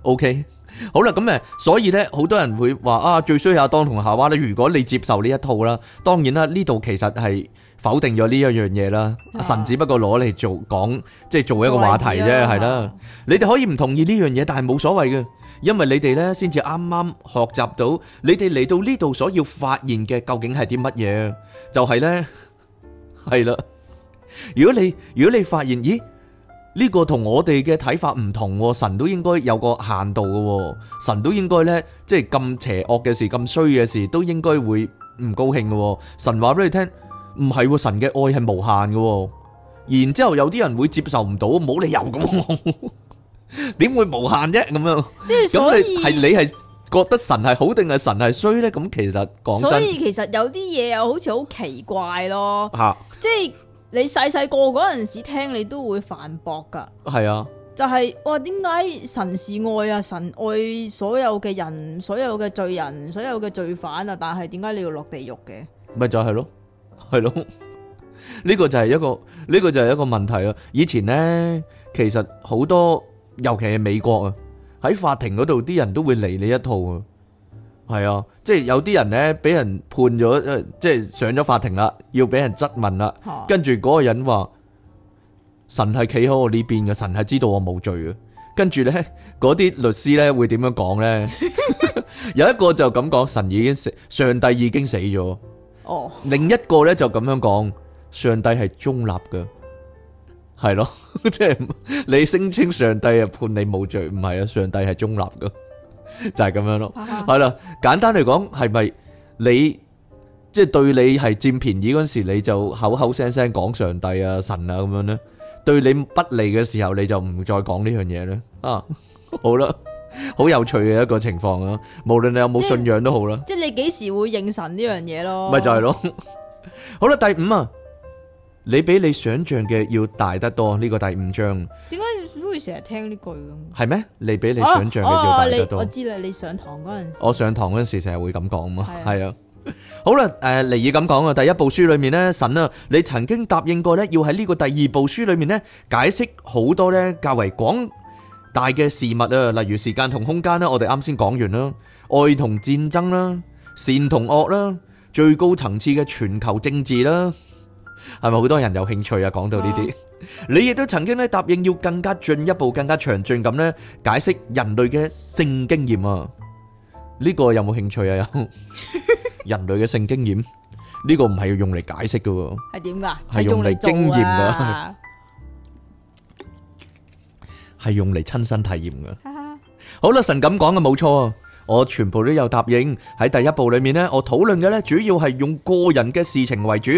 OK， 好啦，咁誒，所以呢，好多人會話啊，最衰阿當同夏娃咧。如果你接受呢一套啦，當然啦，呢度其實係。否定咗呢一樣嘢啦，神只不過攞嚟做講，即係做一個話題啫，係啦。你哋可以唔同意呢樣嘢，但係冇所謂嘅，因為你哋呢先至啱啱學習到，你哋嚟到呢度所要發現嘅究竟係啲乜嘢，就係呢，係啦。如果你如果你發現，咦呢個同我哋嘅睇法唔同，神都應該有個限度嘅，神都應該呢，即係咁邪惡嘅事、咁衰嘅事，都應該會唔高興嘅。神話俾你聽。唔係喎，神嘅愛係無限㗎，然之後有啲人會接受唔到，冇理由咁，點會無限啫？咁樣即係係你係覺得神係好定係神係衰咧？咁其實講真，所以其實有啲嘢又好似好奇怪咯，即係你細細個嗰陣時聽，你都會反駁噶，係啊，就係哇，點解神是愛啊？神愛所有嘅人，所有嘅罪人，所有嘅罪犯啊？但係點解你要落地獄嘅？咪就係咯。係咯，呢 個就係一個呢、呢個就係一個問題咯。以前呢，其實好多，尤其係美國啊，喺法庭嗰度啲人都會嚟你一套啊。係啊，即係有啲人呢，俾人判咗，即係上咗法庭啦，要俾人質問啦。跟住嗰個人話神係企喺我呢邊嘅，神係知道我冇罪嘅。跟住呢，嗰啲律師呢會點樣講呢？ 有一個就咁講，神已經死，上帝已經死咗。哦，另一個咧就咁樣講，上帝係中立嘅，係咯，即係你聲稱上帝啊判你冇罪，唔係啊，上帝係中立嘅，就係咁樣咯，係啦，簡單嚟講係咪你即係對你係佔便宜嗰時你就口口聲聲講上帝啊神啊咁樣咧，對你不利嘅時候你就唔再講呢樣嘢咧啊，好啦。好 有趣嘅一個情況啦，無論你有冇信仰都好啦。即係你幾時會認神呢樣嘢咯？咪就係咯。好啦，第五啊，你比你想象嘅要大得多。呢、這個第五章點解會成日聽呢句咁？係咩？你比你想象嘅要大得多。啊啊、我知啦，你上堂嗰陣時， 我上堂嗰陣時成日會咁講嘛。係啊，啊。好啦，誒、呃，尼爾咁講啊，第一部書裏面咧，神啊，你曾經答應過咧，要喺呢個第二部書裏面咧，解釋好多咧較為廣。大嘅事物啊，例如時間同空間啦，我哋啱先講完啦，愛同戰爭啦，善同惡啦，最高層次嘅全球政治啦，係咪好多人有興趣啊？講到呢啲，你亦都曾經咧答應要更加進一步、更加詳盡咁咧解釋人類嘅性經驗啊？呢個有冇興趣啊？有，人類嘅性經驗呢個唔係要用嚟解釋噶，係點噶？係用嚟經驗噶。係用嚟親身體驗嘅。好啦，神咁講嘅冇錯，我全部都有答應。喺第一部裏面咧，我討論嘅咧主要係用個人嘅事情為主；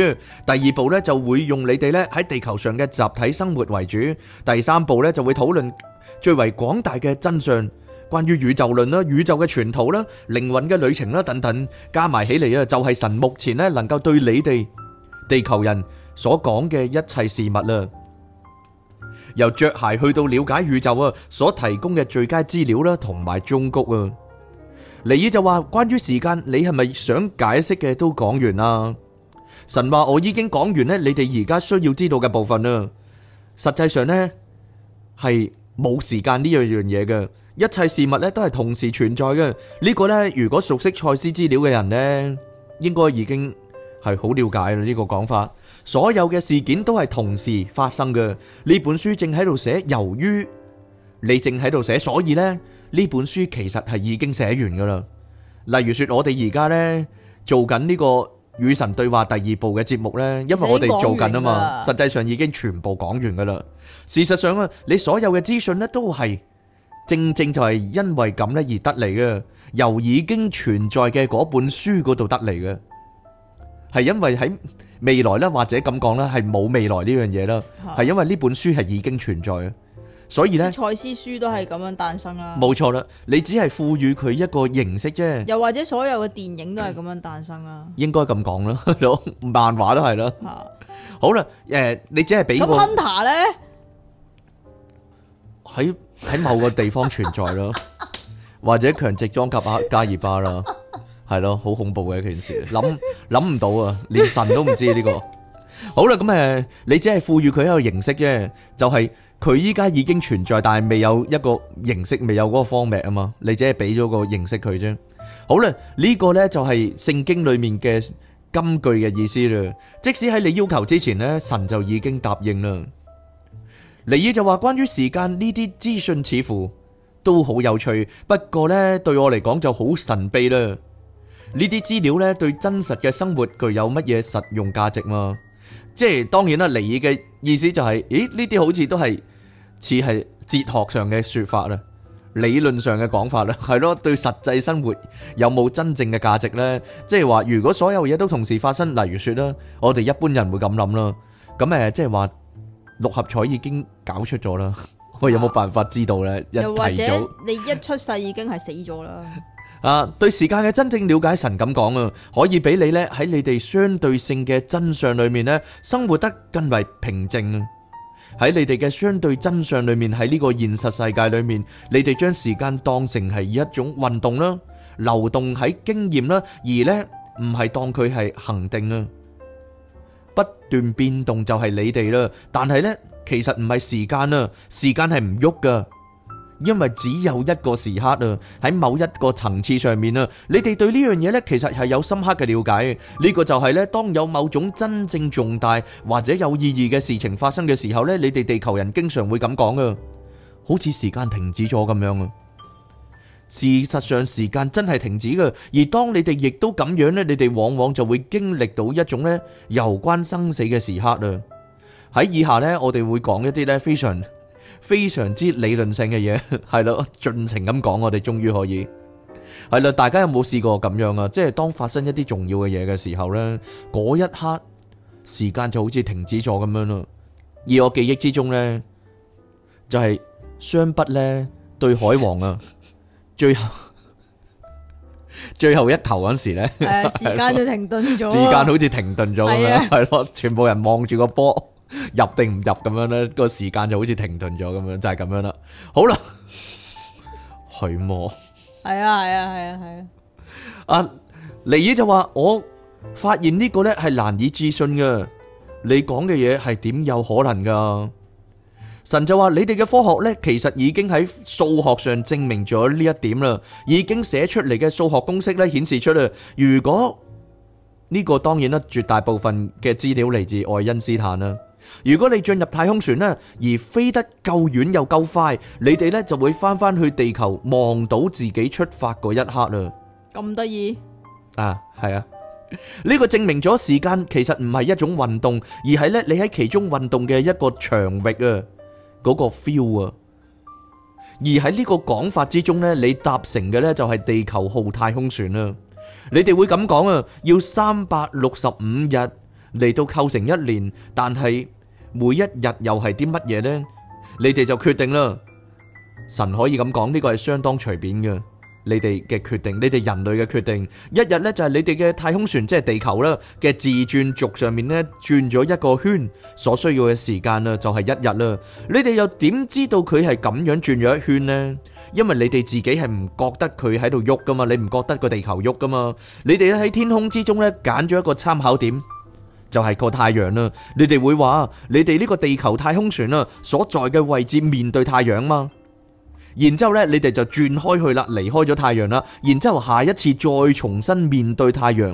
第二部咧就會用你哋咧喺地球上嘅集體生活為主；第三部咧就會討論最為廣大嘅真相，關於宇宙論啦、宇宙嘅全圖啦、靈魂嘅旅程啦等等，加埋起嚟啊，就係神目前咧能夠對你哋地球人所講嘅一切事物啦。由着鞋去到了解宇宙啊，所提供嘅最佳資料啦，同埋中谷啊，尼爾就話：關於時間，你係咪想解釋嘅都講完啦？神話我已經講完咧，你哋而家需要知道嘅部分啦。實際上咧，係冇時間呢樣樣嘢嘅，一切事物咧都係同時存在嘅。呢、呢個咧，如果熟悉賽斯資料嘅人咧，應該已經。係好了解呢個講法，所有嘅事件都係同時發生嘅。呢本書正喺度寫，由於你正喺度寫，所以呢呢本書其實係已經寫完噶啦。例如說，我哋而家呢做緊呢個與神對話第二部嘅節目呢，因為我哋做緊啊嘛，實際上已經全部講完噶啦。事實上啊，你所有嘅資訊呢都係正正就係因為咁呢而得嚟嘅，由已經存在嘅嗰本書嗰度得嚟嘅。係因為喺未來咧，或者咁講咧，係冇未來呢樣嘢啦。係因為呢本書係已經存在，所以咧，蔡司書都係咁樣誕生啦。冇錯啦，你只係賦予佢一個形式啫。又或者所有嘅電影都係咁樣誕生啦。應該咁講啦，咁漫畫都係啦。好啦，誒，你只係俾個 Hunter 咧喺喺某個地方存在咯，或者強殖裝甲加爾巴啦。係咯，好恐怖嘅一件事，諗諗唔到啊！連神都唔知呢、 呢個好啦。咁誒，你只係賦予佢一個形式啫，就係佢依家已經存在，但係未有一個形式，未有嗰個方面 r 啊嘛。你只係俾咗個形式佢啫。好啦，呢、這個呢就係、是、聖經裏面嘅金句嘅意思啦。即使喺你要求之前咧，神就已經答應啦。尼爾就話：關於時間呢啲資訊似乎都好有趣，不過呢對我嚟講就好神秘啦。呢啲資料咧對真實嘅生活具有乜嘢實用價值嘛？即係當然啦，你嘅意思就係、是，咦？呢啲好似都係似係哲學上嘅説法啦，理論上嘅講法啦，係咯？對實際生活有冇真正嘅價值呢？即係話，如果所有嘢都同時發生，例如説啦，我哋一般人會咁諗啦。咁誒，即係話六合彩已經搞出咗啦，我有冇辦法知道呢？啊、一提又或者你一出世已經係死咗啦？ 啊，對時間嘅真正了解，神咁講啊，可以俾你呢喺你哋相對性嘅真相裏面呢，生活得更為平靜啊！喺你哋嘅相對真相裏面，喺呢個現實世界裏面，你哋將時間當成係一種運動啦，流動喺經驗啦，而呢唔係當佢係恆定啊，不斷變動就係你哋啦。但係呢，其實唔係時間啊，時間係唔喐噶。因為只有一個時刻啊，喺某一個層次上面啊，你哋對呢樣嘢咧，其實係有深刻嘅了解。呢個就係咧，當有某種真正重大或者有意義嘅事情發生嘅時候咧，你哋地球人經常會咁講啊，好似時間停止咗咁樣啊。事實上，時間真係停止嘅。而當你哋亦都咁樣咧，你哋往往就會經歷到一種咧，攸關生死嘅時刻啊。喺以下咧，我哋會講一啲咧，非常。非常之理論性嘅嘢，係咯，盡情咁講，我哋終於可以係啦。大家有冇試過咁樣啊？即係當發生一啲重要嘅嘢嘅時候咧，嗰一刻時間就好似停止咗咁樣咯。而我記憶之中咧，就係雙筆咧對海王啊，最後最後一投嗰時咧，時間就停頓咗，時間好似停頓咗咁樣，係咯，全部人望住個波。入定唔入咁樣咧，個時間就好似停頓咗咁樣，就係、是、咁樣啦。好啦，許 摩許我，係啊係啊係啊係啊。阿尼爾就話：我發現呢個呢係難以置信嘅，你講嘅嘢係點有可能噶？神就話：你哋嘅科學呢其實已經喺數學上證明咗呢一點啦，已經寫出嚟嘅數學公式呢顯示出啦。如果呢、這個當然啦，絕大部分嘅資料嚟自愛因斯坦啦。如果你進入太空船咧，而飛得夠遠又夠快，你哋咧就會翻翻去地球望到自己出發嗰一刻啦。咁得意啊，係啊，呢個證明咗時間其實唔係一種運動，而係咧你喺其中運動嘅一個場域啊，嗰個 feel 啊。而喺呢個講法之中咧，你搭乘嘅咧就係地球號太空船啦。你哋會咁講啊，要三百六十五日嚟到構成一年，但係。每一日又係啲乜嘢呢？你哋就決定啦。神可以咁講呢個係相當隨便嘅，你哋嘅決定，你哋人類嘅決定。一日呢就係你哋嘅太空船即係地球啦嘅自轉軸上面呢，轉咗一個圈，所需要嘅時間啊就係一日啦。你哋又點知道佢係咁樣轉咗一圈呢？因為你哋自己係唔覺得佢喺度喐噶嘛，你唔覺得個地球喐噶嘛？你哋喺天空之中呢，揀咗一個參考點。就係個太陽啦，你哋會話，你哋呢個地球太空船啊所在嘅位置面對太陽嘛？然之後咧，你哋就轉開去啦，離開咗太陽啦，然之後下一次再重新面對太陽，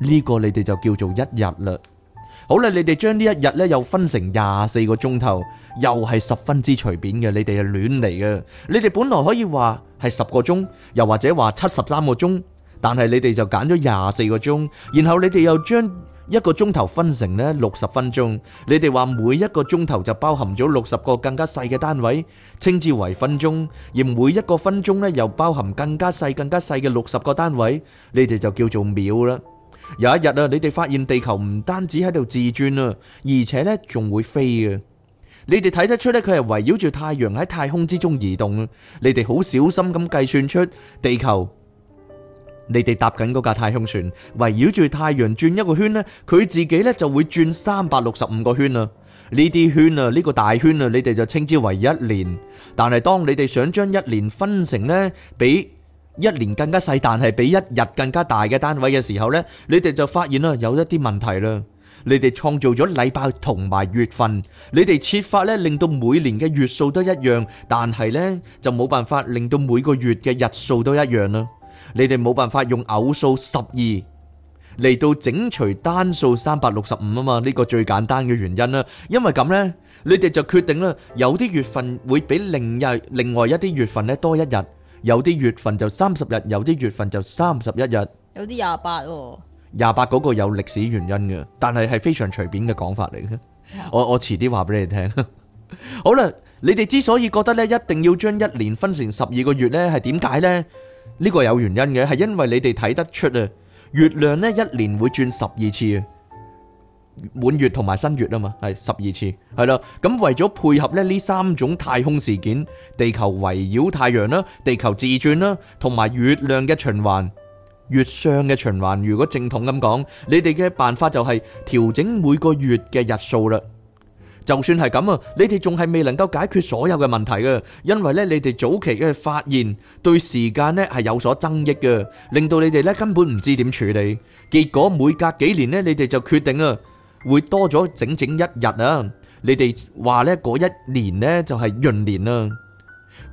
呢個你哋就叫做一日啦。好啦，你哋將呢一日呢又分成廿四個鐘頭，又係十分之隨便嘅，你哋係亂嚟嘅。你哋本來可以話係十個鐘，又或者話七十三個鐘。但係你哋就揀咗廿四個鐘，然後你哋又將一個鐘頭分成呢六十分鐘，你哋話每一個鐘頭就包含咗六十個更加細嘅單位，稱之為分鐘；而每一個分鐘呢又包含更加細更加細嘅六十個單位，你哋就叫做秒啦。有一日啊，你哋發現地球唔單止喺度自轉啊，而且呢仲會飛啊。你哋睇得出呢佢係圍繞住太陽喺太空之中移動啊。你哋好小心咁計算出地球。你哋搭緊嗰架太空船，圍繞住太陽轉一個圈咧，佢自己咧就會轉三百六十五個圈啦。呢啲圈啊，呢個大圈啊，你哋就稱之為一年。但係當你哋想將一年分成咧比一年更加細，但係比一日更加大嘅單位嘅時候咧，你哋就發現啦有一啲問題啦。你哋創造咗禮拜同埋月份，你哋設法咧令到每年嘅月數都一樣，但係咧就冇辦法令到每個月嘅日數都一樣啦。你哋冇辦法用偶數十二嚟到整除單數三百六十五啊嘛？呢個最簡單嘅原因啦，因為咁呢，你哋就決定啦，有啲月份會比另一另外一啲月份咧多一日，有啲月份就三十日，有啲月份就三十一日，有啲廿八，廿八嗰個有歷史原因嘅，但係係非常隨便嘅講法嚟嘅。我我遲啲話俾你聽。 好啦，你哋之所以覺得咧一定要將一年分成十二個月呢，係點解呢？呢個有原因嘅，係因為你哋睇得出啊，月亮呢一年會轉十二次，滿月同埋新月啊嘛，係十二次，係啦，咁為咗配合咧呢三種太空事件，地球圍繞太陽啦，地球自轉啦，同埋月亮嘅循環，月相嘅循環，如果正統咁講，你哋嘅辦法就係調整每個月嘅日數啦。就算係咁啊，你哋仲係未能夠解決所有嘅問題嘅，因為咧你哋早期嘅發現對時間咧係有所爭議嘅，令到你哋咧根本唔知點處理。結果每隔幾年咧，你哋就決定啊，會多咗整整一日啊。你哋話咧嗰一年咧就係閏年啦。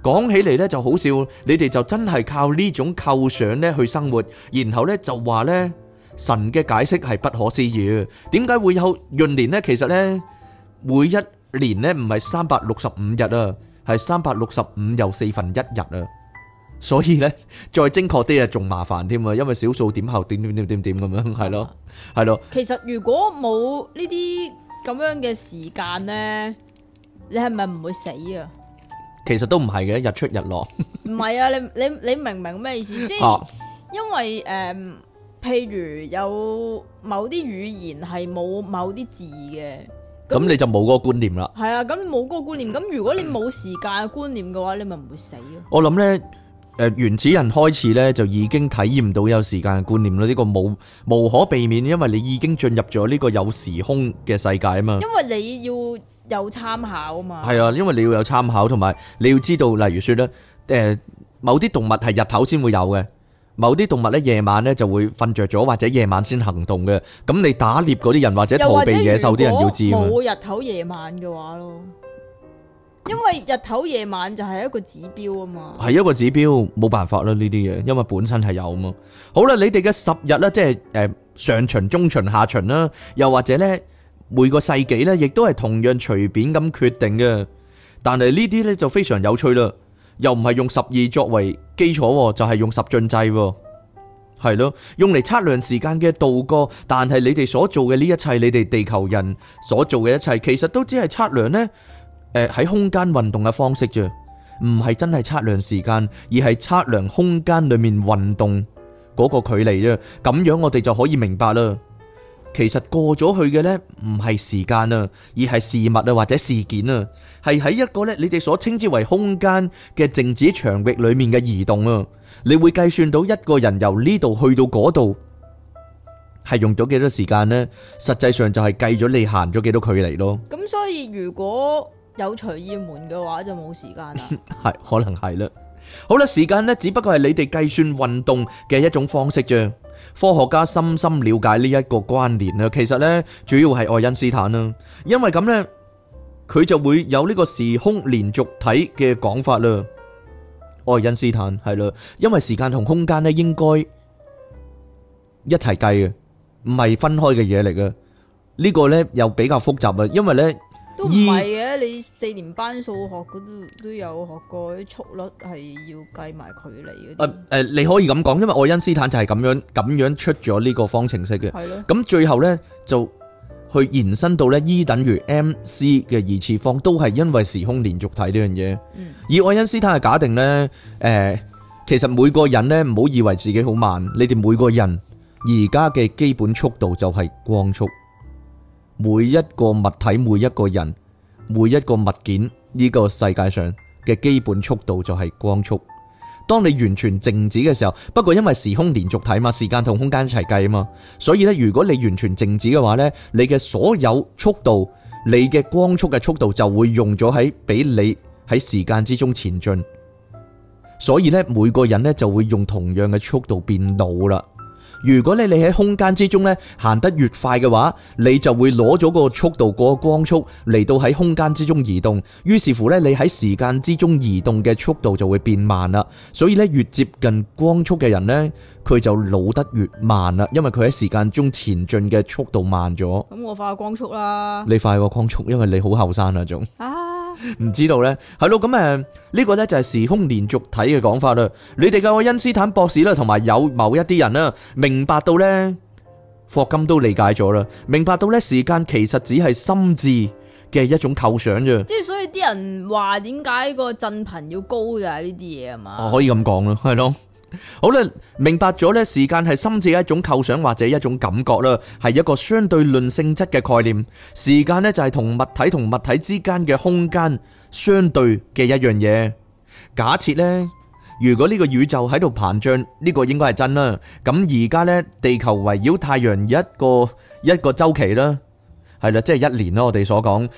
講起嚟咧就好笑，你哋就真係靠呢種構想咧去生活，然後咧就話咧神嘅解釋係不可思議。點解會有閏年咧？其實咧。每一年咧唔係三百六十五日啊，係三百六十五又四分一日啊，所以咧再精確啲啊仲麻煩添啊，因為小數點後點點點點點咁樣係咯，係咯。其實如果冇呢啲咁樣嘅時間咧，你係咪唔會死啊？其實都唔係嘅，日出日落。唔係啊，你你你明唔明咩意思？即係因為誒，譬如有某啲語言係冇某啲字嘅。咁你就冇嗰個觀念啦。係啊，咁冇嗰個觀念，咁如果你冇時間觀念嘅話，你咪唔會死咯。我諗呢，誒，原始人開始呢，就已經體驗到有時間嘅觀念啦。呢、這個冇無，無可避免，因為你已經進入咗呢個有時空嘅世界啊嘛。因為你要有參考啊嘛。係啊，因為你要有參考，同埋你要知道，例如說咧，誒、呃，某啲動物係日頭先會有嘅。某啲動物咧，夜晚咧，就會瞓着咗，或者夜晚先行動嘅。咁你打獵嗰啲人或者逃避野獸啲人，要知冇日頭夜晚嘅話咯，那因為日頭夜晚就係一個指標啊嘛。係一個指標，冇辦法啦呢啲嘢，因為本身係有啊嘛。好啦，你哋嘅十日咧，即係誒上旬、中旬、下旬啦，又或者咧每個世紀咧，亦都係同樣隨便咁決定嘅。但係呢啲咧就非常有趣啦。又唔係用十二作為基礎，就係、是、用十進制，係咯，用嚟測量時間嘅度過，但係你哋所做嘅呢一切，你哋地球人所做嘅一切，其實都只係測量呢，喺、呃、空間運動嘅方式啫，唔係真係測量時間，而係測量空間裏面運動嗰個距離啫。咁樣我哋就可以明白啦。其實過咗去嘅呢，唔係時間啊，而係事物啊，或者事件啊，係喺一個呢你哋所稱之為空間嘅靜止牆壁裏面嘅移動啊，你會計算到一個人由呢度去到嗰度係用咗幾多時間呢？實際上就係計咗你行咗幾多距離咯。咁所以如果有隨意門嘅話，就冇時間啦。係 可能係啦。好啦，時間呢，只不過係你哋計算運動嘅一種方式啫。科學家深深了解呢一個關聯啦。其實呢，主要係愛因斯坦啦，因為咁呢，佢就會有呢個時空連續體嘅講法啦。愛因斯坦係啦，因為時間同空間呢，應該一齊計嘅，唔係分開嘅嘢嚟嘅。呢個呢又比較複雜啊，因為呢。都唔係嘅，你四年班數學嗰度都有學過，啲速率係要計埋距離嗰啲。誒誒，你可以咁講，因為愛因斯坦就係咁樣咁樣出咗呢個方程式嘅。係咯。咁最後咧就去延伸到咧 E 等於 MC 嘅二次方，都係因為時空連續體呢樣嘢。嗯。以愛因斯坦嘅假定咧，誒，其實每個人咧唔好以為自己好慢，你哋每個人而家嘅基本速度就係光速。每一個物體、每一個人、每一個物件，呢個世界上嘅基本速度就係光速。當你完全靜止嘅時候，不過因為時空連續體嘛，時間同空間一齊計啊嘛，所以咧，如果你完全靜止嘅話呢，你嘅所有速度，你嘅光速嘅速度就會用咗喺俾你喺時間之中前進，所以呢，每個人呢就會用同樣嘅速度變老啦。如果咧你喺空間之中咧行得越快嘅話，你就會攞咗個速度，嗰個光速嚟到喺空間之中移動，於是乎咧你喺時間之中移動嘅速度就會變慢啦。所以咧越接近光速嘅人咧，佢就老得越慢啦，因為佢喺時間中前進嘅速度慢咗。咁我快過光速啦！你快過光速，因為你好後生啊，仲。唔知道呢，係咯咁，誒、呢，這個呢，就係時空連續，續體嘅講法啦。你哋嘅愛因斯坦博士啦，同埋有某一啲人啦，明白到呢，霍金都理解咗啦，明白到呢時間其實只係心智嘅一種構想啫。即係所以啲人話，點解個振頻要高㗎呢？啲嘢係嘛？哦，我可以咁講啦，係咯。好啦，明白咗呢，時間係心智一種構想或者一種感覺啦，係一個相對論性質嘅概念。時間呢就係同物體同物體之間嘅空間相對嘅一樣嘢。假設呢，如果呢個宇宙喺度膨脹，呢個應該係真啦。咁而家呢，地球圍繞太陽一個一個周期啦，係啦，即係一年啦，我哋所講。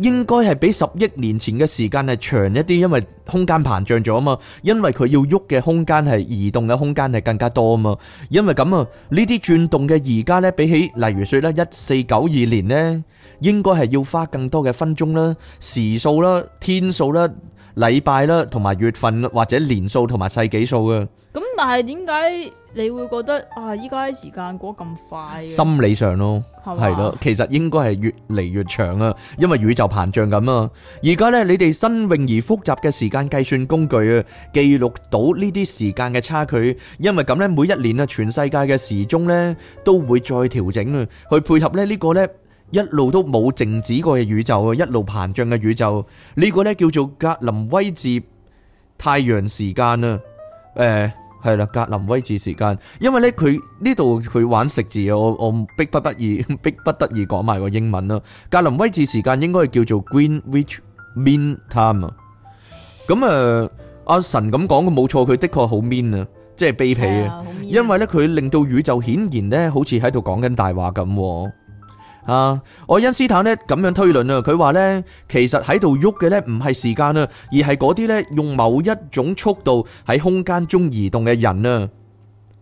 應該係比十億年前嘅時間係長一啲，因為空間膨脹咗啊嘛，因為佢要喐嘅空間係移動嘅空間係更加多啊嘛，因為咁啊，呢啲轉動嘅而家呢，比起，例如說啦，一四九二年呢，應該係要花更多嘅分鐘啦、時數啦、天數啦、禮拜啦、同埋月份或者年數同埋世紀數啊。咁但係點解？你會覺得啊，依家啲時間過咁快，心理上咯，係咯，其實應該係越嚟越長啊，因為宇宙膨脹緊啊。而家咧，你哋新穎而複雜嘅時間計算工具啊，記錄到呢啲時間嘅差距。因為咁咧，每一年啊，全世界嘅時鐘咧都會再調整啊，去配合咧呢個咧一路都冇靜止過嘅宇宙啊，一路膨脹嘅宇宙。呢個咧叫做格林威治太陽時間啊，誒。係啦，格林威治時間，因為咧佢呢度佢玩食字啊，我我逼不得已，逼不得已講埋個英文啦。格林威治時間應該係叫做 Greenwich Mean Time 啊。咁誒，阿神咁講嘅冇錯，佢的確好 mean 啊，即係卑鄙啊。因為咧，佢令到宇宙顯然咧，好似喺度講緊大話咁。啊，愛因斯坦咧咁樣推論啊，佢話咧，其實喺度喐嘅咧唔係時間啊，而係嗰啲咧用某一種速度喺空間中移動嘅人啊，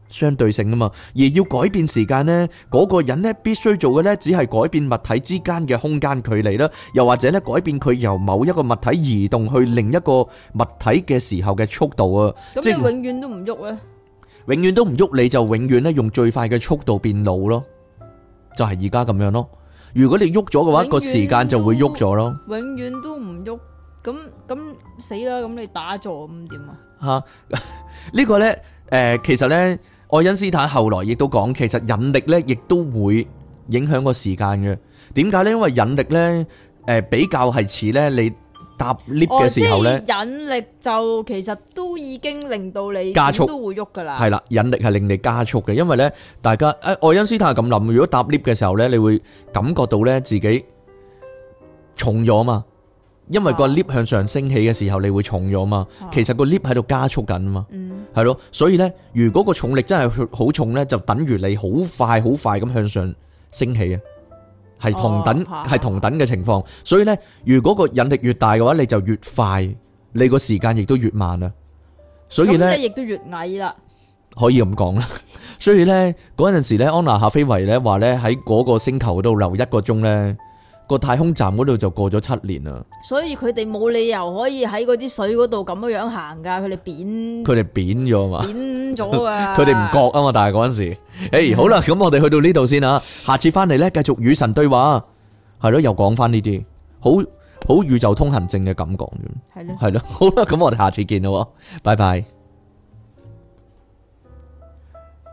相對性啊嘛。而要改變時間咧，嗰個人咧，必須做嘅咧只係改變物體之間嘅空間距離啦，又或者咧改變佢由某一個物體移動去另一個物體嘅時候嘅速度啊。咁你永遠都唔喐啊，永遠都唔喐，你就永遠咧用最快嘅速度變老咯。就係而家咁樣咯，如果你喐咗嘅話，個時間就會喐咗咯。永遠都唔喐，咁咁死啦，咁你打坐唔掂啊？吓，呢個咧，誒，其實咧，愛因斯坦後來亦都講，其實引力咧，亦都會影響個時間嘅。點解咧？因為引力咧，誒，比較係似咧你。搭 lift 嘅時候咧，哦、引力就其實都已經令到你加速都會喐噶啦。係啦，引力係令你加速嘅，因為咧，大家誒，愛、哎、因斯坦係咁諗，如果搭 lift 嘅時候咧，你會感覺到咧自己重咗嘛？因為個 lift 向上升起嘅時候，你會重咗嘛？啊、其實個 lift 喺度加速緊啊嘛，係咯、嗯，所以咧，如果個重力真係好重咧，就等於你好快好快咁向上升起啊！係同等係、哦、同等嘅情況，所以呢，如果個引力越大嘅話，你就越快，你個時間亦都越慢啦。所以呢，亦都越矮啦，可以咁講啦。 所以呢，嗰陣時呢，安娜夏菲維呢話呢，喺嗰個星球度留一個鐘呢。個太空站嗰度就過咗七年啦，所以佢哋冇理由可以喺嗰啲水嗰度咁樣樣行噶，佢哋扁，佢哋扁咗嘛，扁咗啊，佢哋唔覺啊嘛，但係嗰陣時，誒，好啦，咁我哋去到呢度先啊，下次翻嚟咧，繼續與神對話，係咯，又講翻呢啲，好好宇宙通行證嘅感覺，係咯，係咯，好啦，咁我哋下次見咯，拜拜。